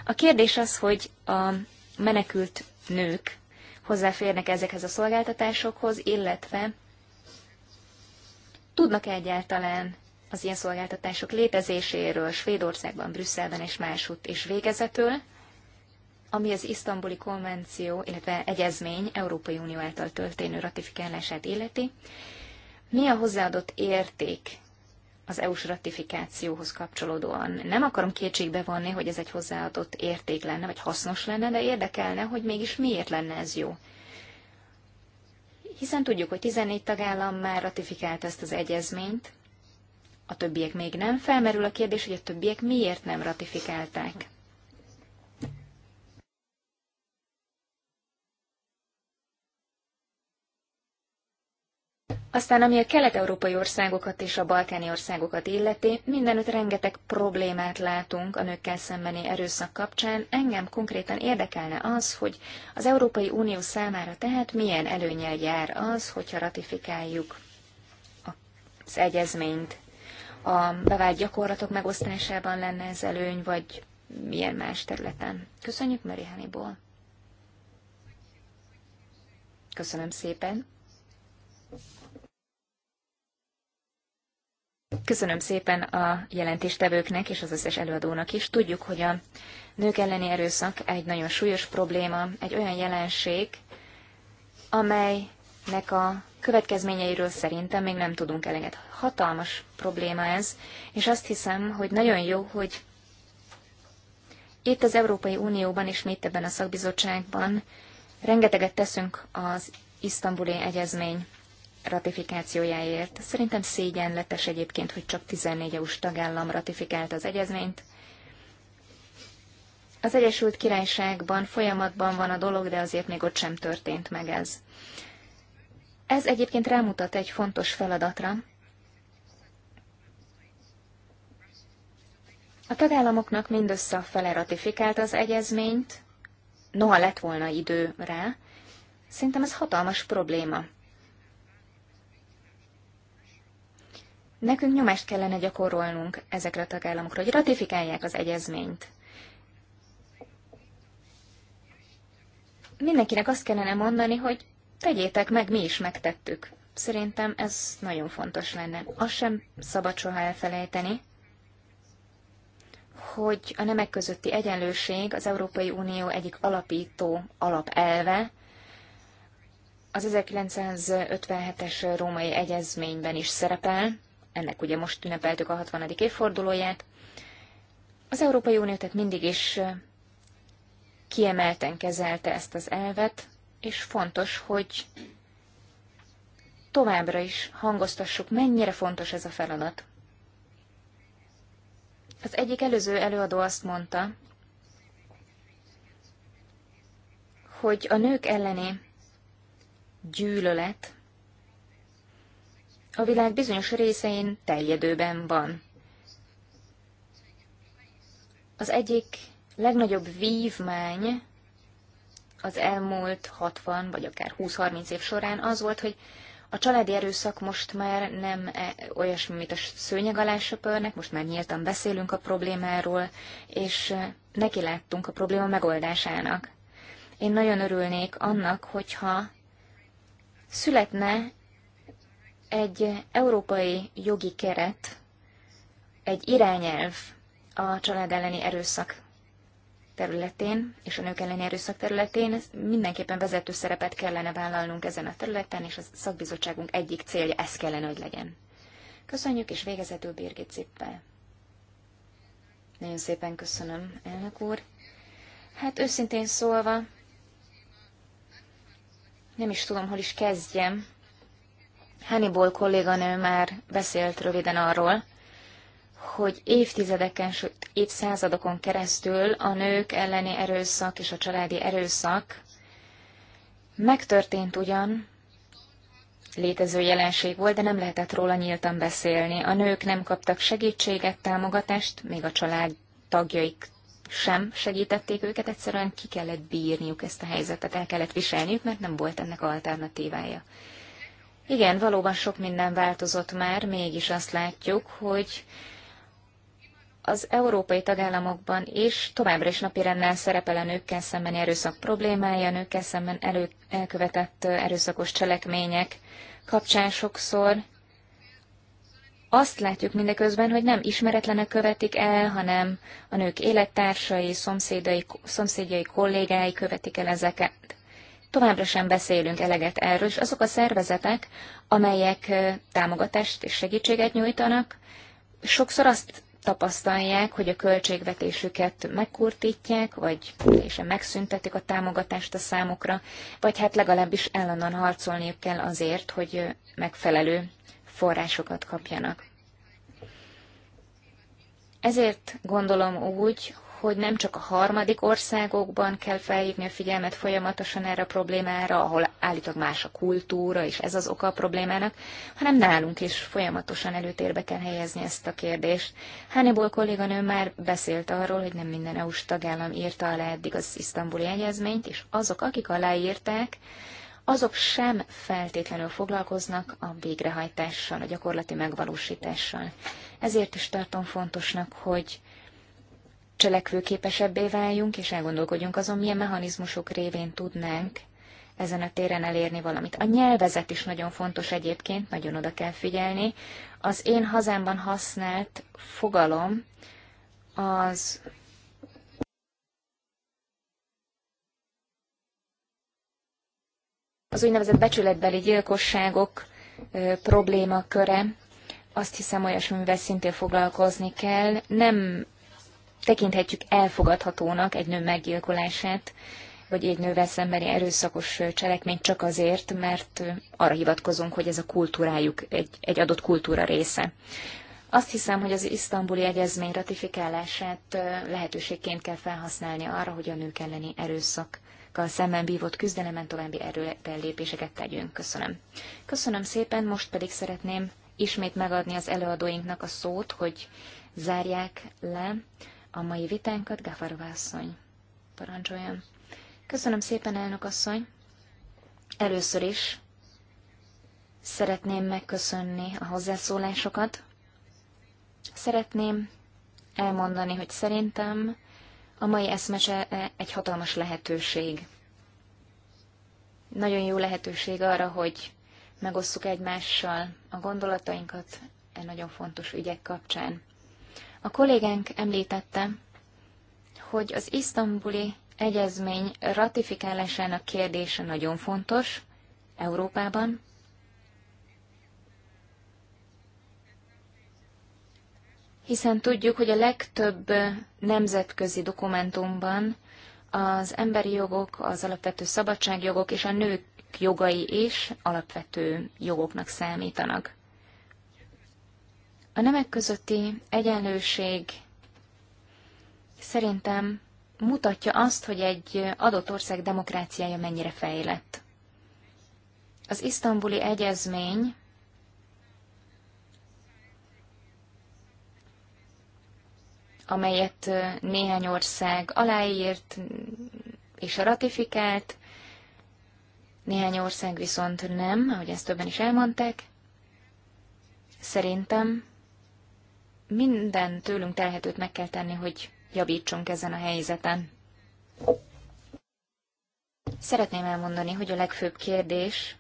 A kérdés az, hogy a menekült nők hozzáférnek ezekhez a szolgáltatásokhoz, illetve tudnak -e egyáltalán az ilyen szolgáltatások létezéséről Svédországban, Brüsszelben és máshogy és végezetül, ami az isztambuli konvenció, illetve egyezmény Európai Unió által történő ratifikálását illeti, mi a hozzáadott érték az EU-s ratifikációhoz kapcsolódóan. Nem akarom kétségbe vonni, hogy ez egy hozzáadott érték lenne, vagy hasznos lenne, de érdekelne, hogy mégis miért lenne ez jó. Hiszen tudjuk, hogy 14 tagállam már ratifikált ezt az egyezményt, a többiek még nem. Felmerül a kérdés, hogy a többiek miért nem ratifikálták. Aztán, ami a kelet-európai országokat és a balkáni országokat illeti, mindenütt rengeteg problémát látunk a nőkkel szembeni erőszak kapcsán. Engem konkrétan érdekelne az, hogy az Európai Unió számára tehát milyen előnyel jár az, hogyha ratifikáljuk az egyezményt. A bevált gyakorlatok megosztásában lenne ez előny, vagy milyen más területen. Köszönjük Mary Hannibal. Köszönöm szépen. Köszönöm szépen a jelentéstevőknek és az összes előadónak is. Tudjuk, hogy a nők elleni erőszak egy nagyon súlyos probléma, egy olyan jelenség, amelynek a következményeiről szerintem még nem tudunk eleget. Hatalmas probléma ez, és azt hiszem, hogy nagyon jó, hogy itt az Európai Unióban és mi itt ebben a szakbizottságban rengeteget teszünk az isztambuli egyezmény ratifikációjáért. Szerintem szégyenletes egyébként, hogy csak 14 EU-s tagállam ratifikált az egyezményt. Az Egyesült Királyságban folyamatban van a dolog, de azért még ott sem történt meg ez. Ez egyébként rámutat egy fontos feladatra. A tagállamoknak mindössze a fele ratifikált az egyezményt, noha lett volna idő rá, szerintem ez hatalmas probléma. Nekünk nyomást kellene gyakorolnunk ezekre a tagállamokra, hogy ratifikálják az egyezményt. Mindenkinek azt kellene mondani, hogy tegyétek meg, mi is megtettük. Szerintem ez nagyon fontos lenne. Azt sem szabad soha elfelejteni, hogy a nemek közötti egyenlőség az Európai Unió egyik alapító alapelve, az 1957-es római egyezményben is szerepel, ennek ugye most ünnepeltük a 60. évfordulóját. Az Európai Unió tehát mindig is kiemelten kezelte ezt az elvet, és fontos, hogy továbbra is hangoztassuk, mennyire fontos ez a feladat. Az egyik előző előadó azt mondta, hogy a nők elleni gyűlölet a világ bizonyos részein teljedőben van. Az egyik legnagyobb vívmány az elmúlt 60 vagy akár 20-30 év során az volt, hogy a családi erőszak most már nem e- olyasmi, mint a szőnyeg alá söpörnek, most már nyíltan beszélünk a problémáról, és e, neki láttunk a probléma megoldásának. Én nagyon örülnék annak, hogyha születne egy európai jogi keret, egy irányelv a család elleni erőszak területén és a nők elleni erőszak területén mindenképpen vezető szerepet kellene vállalnunk ezen a területen, és a szakbizottságunk egyik célja ez kellene, hogy legyen. Köszönjük, és végezetül Birgit Zippel. Nagyon szépen köszönöm, elnök úr. Hát őszintén szólva, nem is tudom, hol is kezdjem Hannibal kolléganő már beszélt röviden arról, hogy évtizedeken, sőt évszázadokon keresztül a nők elleni erőszak és a családi erőszak megtörtént ugyan, létező jelenség volt, de nem lehetett róla nyíltan beszélni. A nők nem kaptak segítséget, támogatást, még a család tagjaik sem segítették őket, egyszerűen ki kellett bírniuk ezt a helyzetet, el kellett viselniük, mert nem volt ennek alternatívája. Igen, valóban sok minden változott már, mégis azt látjuk, hogy az európai tagállamokban is továbbra is napirenden szerepel a nőkkel szembeni erőszak problémája, a nőkkel szemben elő, elkövetett erőszakos cselekmények kapcsán sokszor. Azt látjuk mindeközben, hogy nem ismeretlenek követik el, hanem a nők élettársai, szomszédai, szomszédjai, kollégái követik el ezeket továbbra sem beszélünk eleget erről, és azok a szervezetek, amelyek támogatást és segítséget nyújtanak, sokszor azt tapasztalják, hogy a költségvetésüket megkurtítják, vagy teljesen megszüntetik a támogatást a számukra, vagy hát legalábbis ellenan harcolniuk kell azért, hogy megfelelő forrásokat kapjanak. Ezért gondolom úgy, hogy nem csak a harmadik országokban kell felhívni a figyelmet folyamatosan erre a problémára, ahol állítólag más a kultúra, és ez az oka a problémának, hanem nálunk is folyamatosan előtérbe kell helyezni ezt a kérdést. Hannibal kolléganő már beszélt arról, hogy nem minden EU-s tagállam írta alá eddig az isztambuli egyezményt, és azok, akik aláírták, azok sem feltétlenül foglalkoznak a végrehajtással, a gyakorlati megvalósítással. Ezért is tartom fontosnak, hogy cselekvőképesebbé váljunk, és elgondolkodjunk azon, milyen mechanizmusok révén tudnánk ezen a téren elérni valamit. A nyelvezet is nagyon fontos egyébként, nagyon oda kell figyelni. Az én hazámban használt fogalom az az úgynevezett becsületbeli gyilkosságok ö, problémaköre, azt hiszem olyasmivel szintén foglalkozni kell. Nem tekinthetjük elfogadhatónak egy nő meggyilkolását, vagy egy nővel szembeni erőszakos cselekményt csak azért, mert arra hivatkozunk, hogy ez a kultúrájuk egy, egy adott kultúra része. Azt hiszem, hogy az isztambuli egyezmény ratifikálását lehetőségként kell felhasználni arra, hogy a nők elleni erőszakkal szemben bívott küzdelemen további lépéseket tegyünk. Köszönöm. Köszönöm szépen, most pedig szeretném ismét megadni az előadóinknak a szót, hogy zárják le a mai vitánkat. Gafarova asszony, parancsoljon. Köszönöm szépen, elnök asszony. Először is szeretném megköszönni a hozzászólásokat. Szeretném elmondani, hogy szerintem a mai eszmese egy hatalmas lehetőség. Nagyon jó lehetőség arra, hogy megosszuk egymással a gondolatainkat e nagyon fontos ügyek kapcsán. A kollégánk említette, hogy az isztambuli egyezmény ratifikálásának kérdése nagyon fontos Európában. Hiszen tudjuk, hogy a legtöbb nemzetközi dokumentumban az emberi jogok, az alapvető szabadságjogok és a nők jogai is alapvető jogoknak számítanak. A nemek közötti egyenlőség szerintem mutatja azt, hogy egy adott ország demokráciája mennyire fejlett. Az isztambuli egyezmény amelyet néhány ország aláírt és ratifikált, néhány ország viszont nem, ahogy ezt többen is elmondták. Szerintem minden tőlünk telhetőt meg kell tenni, hogy javítsunk ezen a helyzeten. Szeretném elmondani, hogy a legfőbb kérdés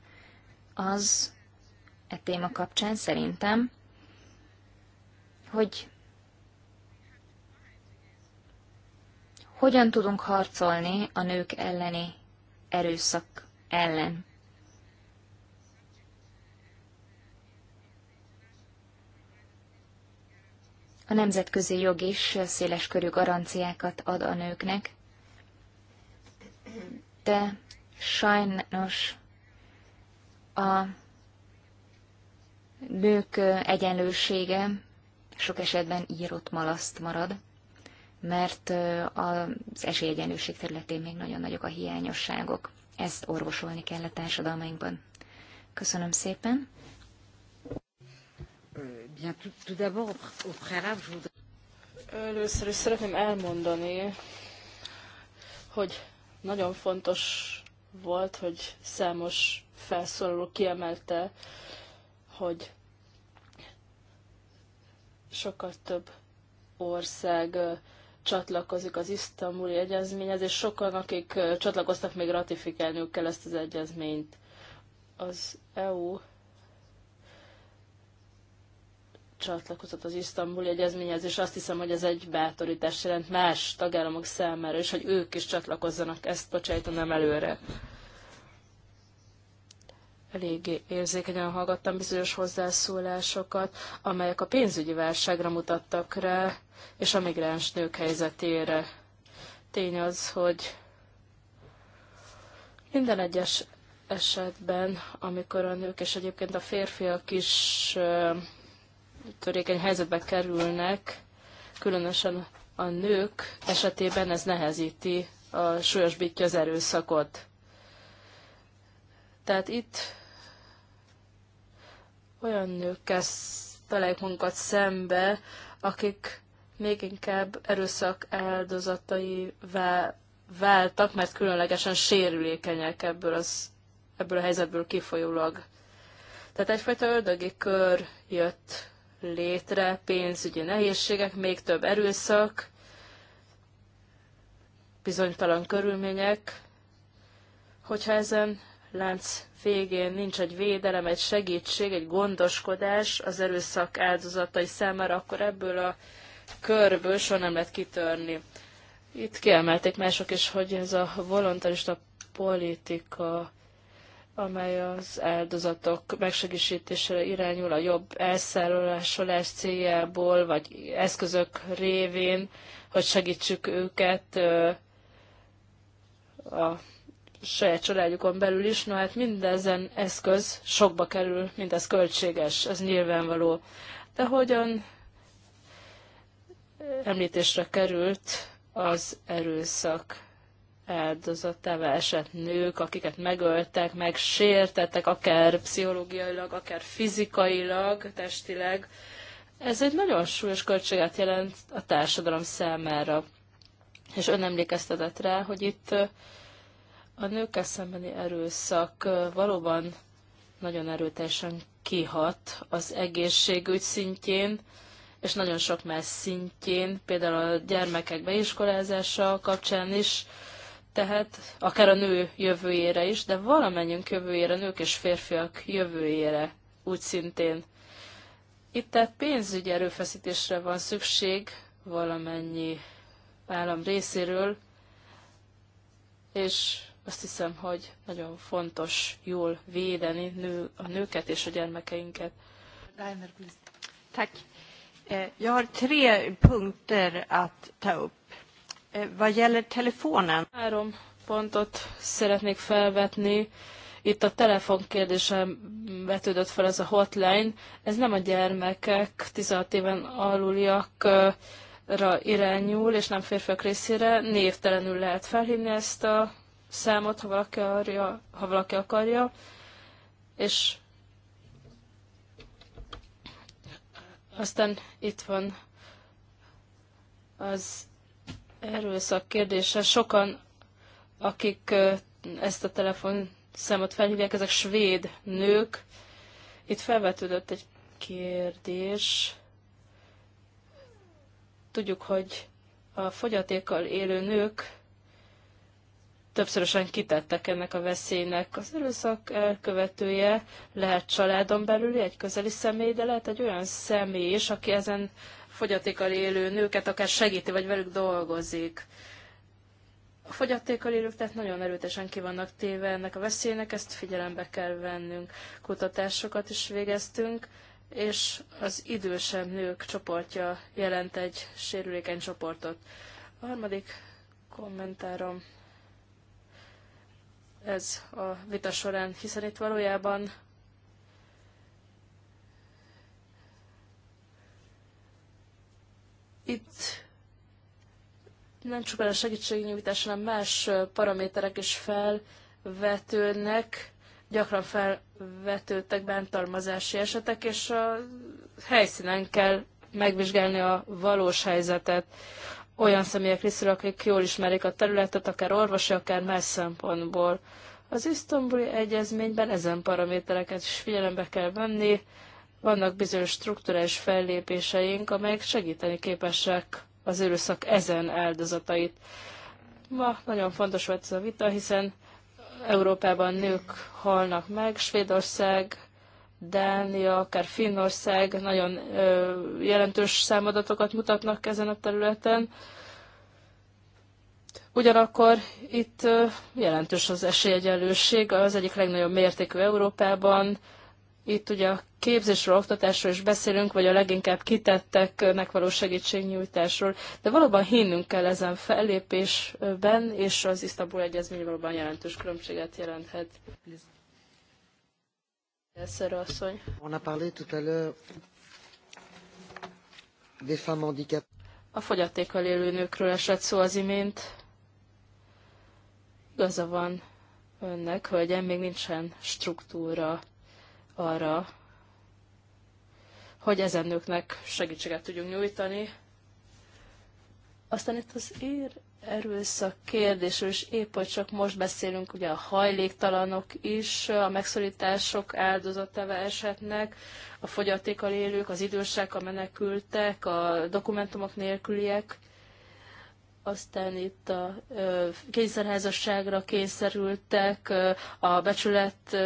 az e téma kapcsán szerintem, hogy hogyan tudunk harcolni a nők elleni erőszak ellen. A nemzetközi jog is széleskörű garanciákat ad a nőknek, de sajnos a nők egyenlősége sok esetben írott malaszt marad, mert az esélyegyenlőség területén még nagyon nagyok a hiányosságok. Ezt orvosolni kell a társadalmainkban. Köszönöm szépen! Euh, Először is szeretném elmondani, hogy nagyon fontos volt, hogy számos felszólaló kiemelte, hogy sokkal több ország csatlakozik az isztambuli egyezményhez, és sokan, akik csatlakoztak, még ratifikálniuk kell ezt az egyezményt. Az EU csatlakozott az isztambuli egyezményhez, és azt hiszem, hogy ez egy bátorítás jelent más tagállamok számára, és hogy ők is csatlakozzanak, ezt bocsájtanám előre. Eléggé érzékenyen hallgattam bizonyos hozzászólásokat, amelyek a pénzügyi válságra mutattak rá, és a migráns nők helyzetére. Tény az, hogy minden egyes esetben, amikor a nők és egyébként a férfiak is törékeny helyzetbe kerülnek, különösen a nők esetében ez nehezíti a súlyosbítja az erőszakot. Tehát itt olyan nőkkel találjuk magunkat szembe, akik még inkább erőszak áldozatai váltak, mert különlegesen sérülékenyek ebből, az, ebből a helyzetből kifolyólag. Tehát egyfajta ördögi kör jött létre, pénzügyi nehézségek, még több erőszak, bizonytalan körülmények, hogyha ezen lánc végén nincs egy védelem, egy segítség, egy gondoskodás az erőszak áldozatai számára, akkor ebből a körből soha nem lehet kitörni. Itt kiemelték mások is, hogy ez a voluntarista politika amely az áldozatok megsegítésére irányul a jobb elszállásolás céljából, vagy eszközök révén, hogy segítsük őket a saját családjukon belül is. No hát mindezen eszköz sokba kerül, mindez költséges, ez nyilvánvaló. De hogyan említésre került az erőszak áldozatává esett nők, akiket megöltek, megsértettek, akár pszichológiailag, akár fizikailag, testileg. Ez egy nagyon súlyos költséget jelent a társadalom számára. És ön emlékeztetett rá, hogy itt a nőkkel szembeni erőszak valóban nagyon erőteljesen kihat az egészségügy szintjén, és nagyon sok más szintjén, például a gyermekek beiskolázása kapcsán is, tehet, akár a nő jövőjére is, de valamennyünk jövőjére, nők és férfiak jövőjére úgy szintén. Itt tehát pénzügyi erőfeszítésre van szükség valamennyi állam részéről, és azt hiszem, hogy nagyon fontos jól védeni nő, a nőket és a gyermekeinket. Reiner, please. Tack. Eh, jag har tre punkter att ta upp. Eh, vad gäller telefonen? Három pontot szeretnék felvetni. Itt a telefon kérdése vetődött fel ez a hotline. Ez nem a gyermekek, 16 éven aluliakra irányul, és nem férfiak részére. Névtelenül lehet felhívni ezt a számot, ha valaki, arja, ha valaki akarja. És aztán itt van az erőszak kérdése. Sokan, akik ezt a telefonszámot felhívják, ezek svéd nők. Itt felvetődött egy kérdés. Tudjuk, hogy a fogyatékkal élő nők többszörösen kitettek ennek a veszélynek. Az erőszak elkövetője lehet családon belüli, egy közeli személy, de lehet egy olyan személy is, aki ezen fogyatékkal élő nőket akár segíti, vagy velük dolgozik. A fogyatékkal élők tehát nagyon erőtesen ki vannak téve ennek a veszélynek, ezt figyelembe kell vennünk. Kutatásokat is végeztünk, és az idősebb nők csoportja jelent egy sérülékeny csoportot. A harmadik kommentárom ez a vita során, hiszen itt valójában Itt nem csak a segítségnyújtás, hanem más paraméterek is felvetődnek, gyakran felvetődtek bántalmazási esetek, és a helyszínen kell megvizsgálni a valós helyzetet olyan személyek részéről, akik jól ismerik a területet, akár orvosi, akár más szempontból. Az isztambuli egyezményben ezen paramétereket is figyelembe kell venni, vannak bizonyos strukturális fellépéseink, amelyek segíteni képesek az erőszak ezen áldozatait. Ma nagyon fontos volt ez a vita, hiszen Európában nők halnak meg, Svédország, Dánia, akár Finnország nagyon ö, jelentős számadatokat mutatnak ezen a területen. Ugyanakkor itt jelentős az esélyegyenlőség, az egyik legnagyobb mértékű Európában, itt ugye a képzésről, oktatásról is beszélünk, vagy a leginkább kitetteknek való segítségnyújtásról, de valóban hinnünk kell ezen fellépésben, és az Isztambul Egyezmény valóban jelentős különbséget jelenthet. a fogyatékkal élő nőkről esett szó az imént. Igaza van önnek, hogy még nincsen struktúra arra, hogy ezen nőknek segítséget tudjunk nyújtani. Aztán itt az ér erőszak kérdésről, és épp hogy csak most beszélünk, ugye a hajléktalanok is a megszorítások áldozatává eshetnek, a fogyatékkal élők, az idősek, a menekültek, a dokumentumok nélküliek. Aztán itt a kényszerházasságra kényszerültek, a becsület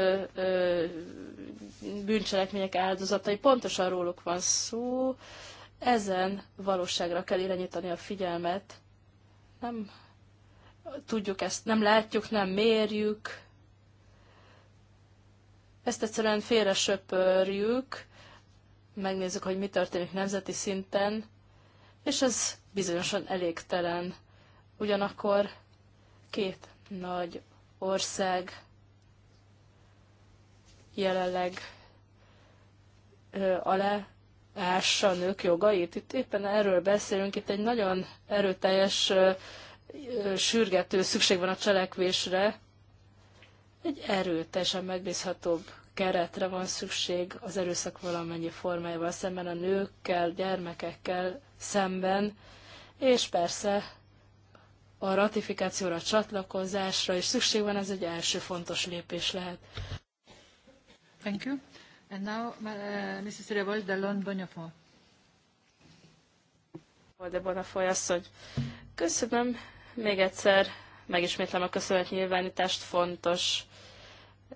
bűncselekmények áldozatai, pontosan róluk van szó. Ezen valóságra kell irányítani a figyelmet. Nem tudjuk ezt, nem látjuk, nem mérjük. Ezt egyszerűen félre söpörjük, megnézzük, hogy mi történik nemzeti szinten, és ez bizonyosan elégtelen. Ugyanakkor két nagy ország jelenleg ö, alá ássa a nők jogait. Itt éppen erről beszélünk, itt egy nagyon erőteljes, ö, ö, sürgető szükség van a cselekvésre. Egy erőteljesen megbízhatóbb keretre van szükség az erőszak valamennyi formájával szemben, a nőkkel, gyermekekkel szemben és persze a ratifikációra, a csatlakozásra is szükség van, ez egy első fontos lépés lehet. Thank you. And now, uh, Mrs. Revolt Delon Bonafont. De Bonafoy asszony. Köszönöm még egyszer, megismétlem a köszönet nyilvánítást, fontos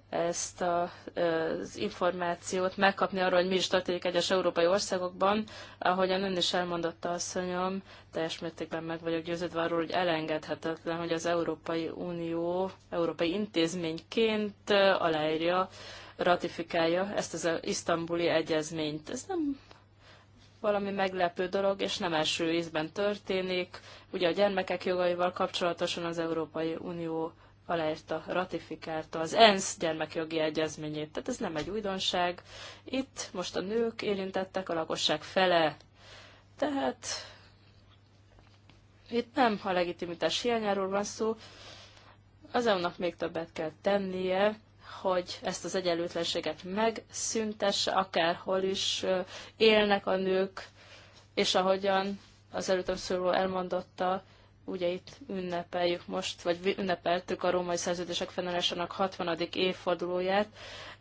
ezt a, az információt megkapni arról, hogy mi is történik egyes európai országokban. Ahogyan ön is elmondotta, asszonyom, teljes mértékben meg vagyok győződve arról, hogy elengedhetetlen, hogy az Európai Unió, Európai Intézményként aláírja, ratifikálja ezt az isztambuli egyezményt. Ez nem valami meglepő dolog, és nem első ízben történik. Ugye a gyermekek jogaival kapcsolatosan az Európai Unió aláírta, ratifikálta az ENSZ gyermekjogi egyezményét. Tehát ez nem egy újdonság. Itt most a nők érintettek, a lakosság fele. Tehát itt nem a legitimitás hiányáról van szó. Az EU-nak még többet kell tennie, hogy ezt az egyenlőtlenséget megszüntesse, akárhol is élnek a nők, és ahogyan az előttem szóló elmondotta, Ugye itt ünnepeljük most, vagy ünnepeltük a római szerződések fennállásának 60. évfordulóját.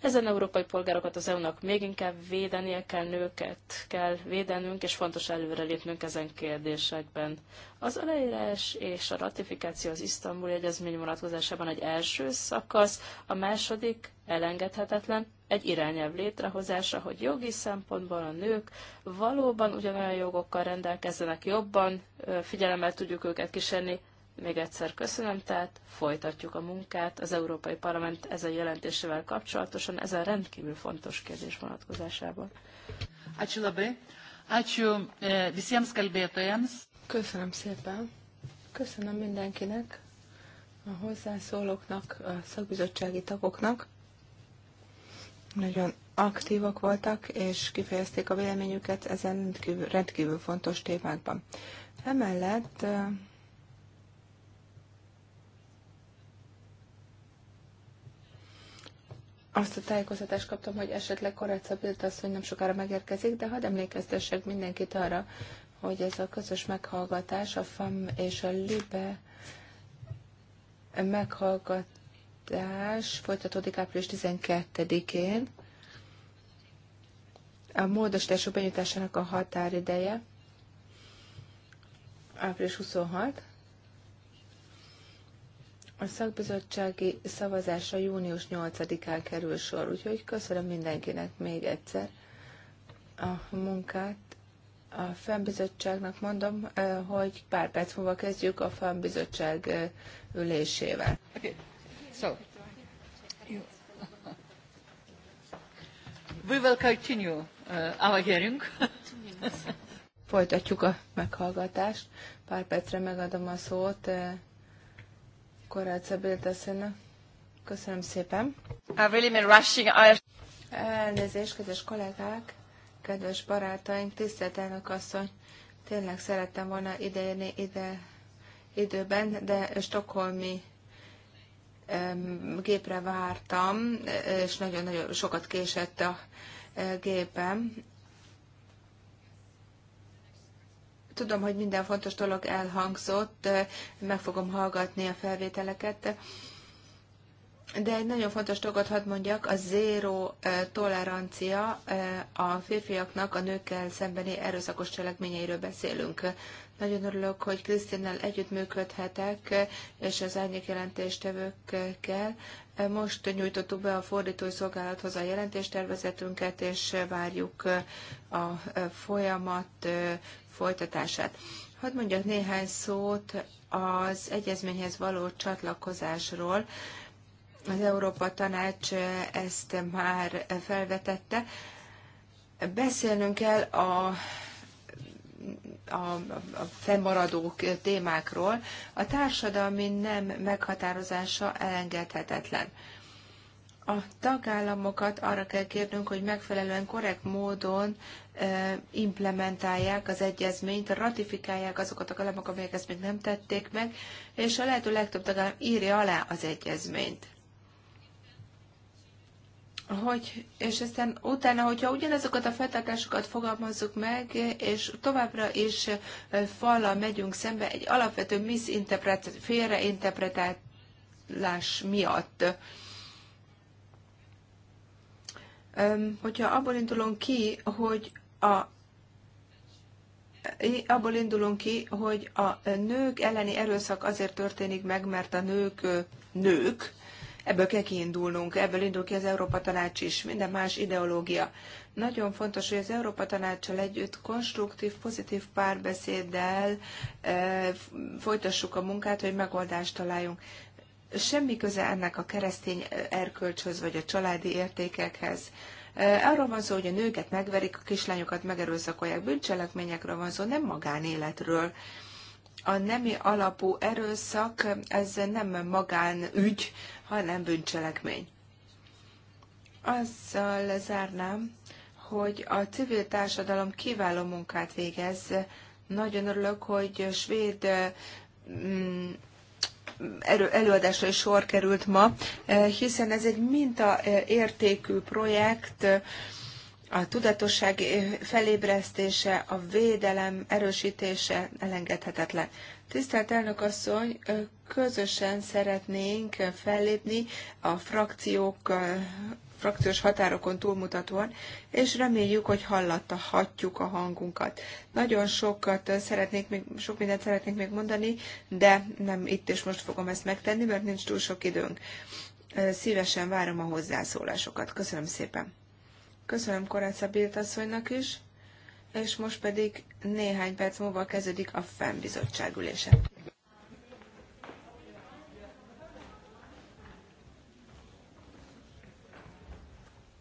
Ezen európai polgárokat az EU-nak még inkább védenie kell, nőket kell védenünk, és fontos előrelépnünk ezen kérdésekben. Az aláírás és a ratifikáció az Isztambul egyezmény vonatkozásában egy első szakasz, a második elengedhetetlen, egy irányelv létrehozása, hogy jogi szempontból a nők valóban ugyanolyan jogokkal rendelkezzenek jobban, figyelemmel tudjuk őket kísérni, még egyszer köszönöm, tehát folytatjuk a munkát az Európai Parlament ezen jelentésével kapcsolatosan, ezen rendkívül fontos kérdés vonatkozásában. Ačiū labai. E, köszönöm szépen. Köszönöm mindenkinek, a hozzászólóknak, a szakbizottsági tagoknak. Nagyon aktívak voltak, és kifejezték a véleményüket ezen rendkívül fontos témákban. Emellett e, azt a tájékoztatást kaptam, hogy esetleg Koráca az, hogy nem sokára megérkezik, de hadd emlékeztessek mindenkit arra, hogy ez a közös meghallgatás, a FAM és a LIBE meghallgatás folytatódik április 12-én. A módosítások benyújtásának a határideje április 26. A szakbizottsági szavazása június 8-án kerül sor, úgyhogy köszönöm mindenkinek még egyszer a munkát. A fennbizottságnak mondom, eh, hogy pár perc múlva kezdjük a fennbizottság eh, ülésével. Okay. So. We will continue eh, our hearing. Folytatjuk a meghallgatást. Pár percre megadom a szót. Koráca Biltasszonynak. Köszönöm szépen. I've really been rushing. I... Elnézést, kedves kollégák, kedves barátaink, tisztelt elnök asszony. Tényleg szerettem volna ideérni ide időben, de stokholmi gépre vártam, és nagyon-nagyon sokat késett a gépem. Tudom, hogy minden fontos dolog elhangzott, meg fogom hallgatni a felvételeket, de egy nagyon fontos dolgot hadd mondjak, a zéró tolerancia a férfiaknak a nőkkel szembeni erőszakos cselekményeiről beszélünk. Nagyon örülök, hogy Krisztinnel együttműködhetek, és az árnyék jelentéstevőkkel. Most nyújtottuk be a fordítói szolgálathoz a jelentéstervezetünket, és várjuk a folyamat folytatását. Hadd mondjak néhány szót az egyezményhez való csatlakozásról. Az Európa Tanács ezt már felvetette. Beszélnünk kell a a, a fennmaradó témákról, a társadalmi nem meghatározása elengedhetetlen. A tagállamokat arra kell kérnünk, hogy megfelelően korrekt módon implementálják az egyezményt, ratifikálják azokat a tagállamok, amelyek ezt még nem tették meg, és a lehető legtöbb tagállam írja alá az egyezményt. Hogy, és aztán utána, hogyha ugyanazokat a feltartásokat fogalmazzuk meg, és továbbra is falla megyünk szembe egy alapvető misinterpret, félreinterpretálás miatt, hogyha abból indulunk ki, hogy a abból indulunk ki, hogy a nők elleni erőszak azért történik meg, mert a nők nők, ebből kell kiindulnunk, ebből indul ki az Európa Tanács is, minden más ideológia. Nagyon fontos, hogy az Európa Tanácssal együtt konstruktív, pozitív párbeszéddel e, folytassuk a munkát, hogy megoldást találjunk. Semmi köze ennek a keresztény erkölcshöz vagy a családi értékekhez. Eh, arról van szó, hogy a nőket megverik, a kislányokat megerőszakolják, bűncselekményekről van szó, nem magánéletről. A nemi alapú erőszak, ez nem magánügy, hanem bűncselekmény. Azzal zárnám, hogy a civil társadalom kiváló munkát végez. Nagyon örülök, hogy svéd mm, előadásra is sor került ma, eh, hiszen ez egy mintaértékű eh, projekt, eh, a tudatosság felébresztése, a védelem erősítése elengedhetetlen. Tisztelt elnök asszony, közösen szeretnénk fellépni a frakciók frakciós határokon túlmutatóan, és reméljük, hogy hatjuk a hangunkat. Nagyon sokat szeretnék még, sok mindent szeretnék még mondani, de nem itt és most fogom ezt megtenni, mert nincs túl sok időnk. Szívesen várom a hozzászólásokat. Köszönöm szépen. Köszönöm Koráca Bilt asszonynak is, és most pedig néhány perc múlva kezdődik a FEM ülése.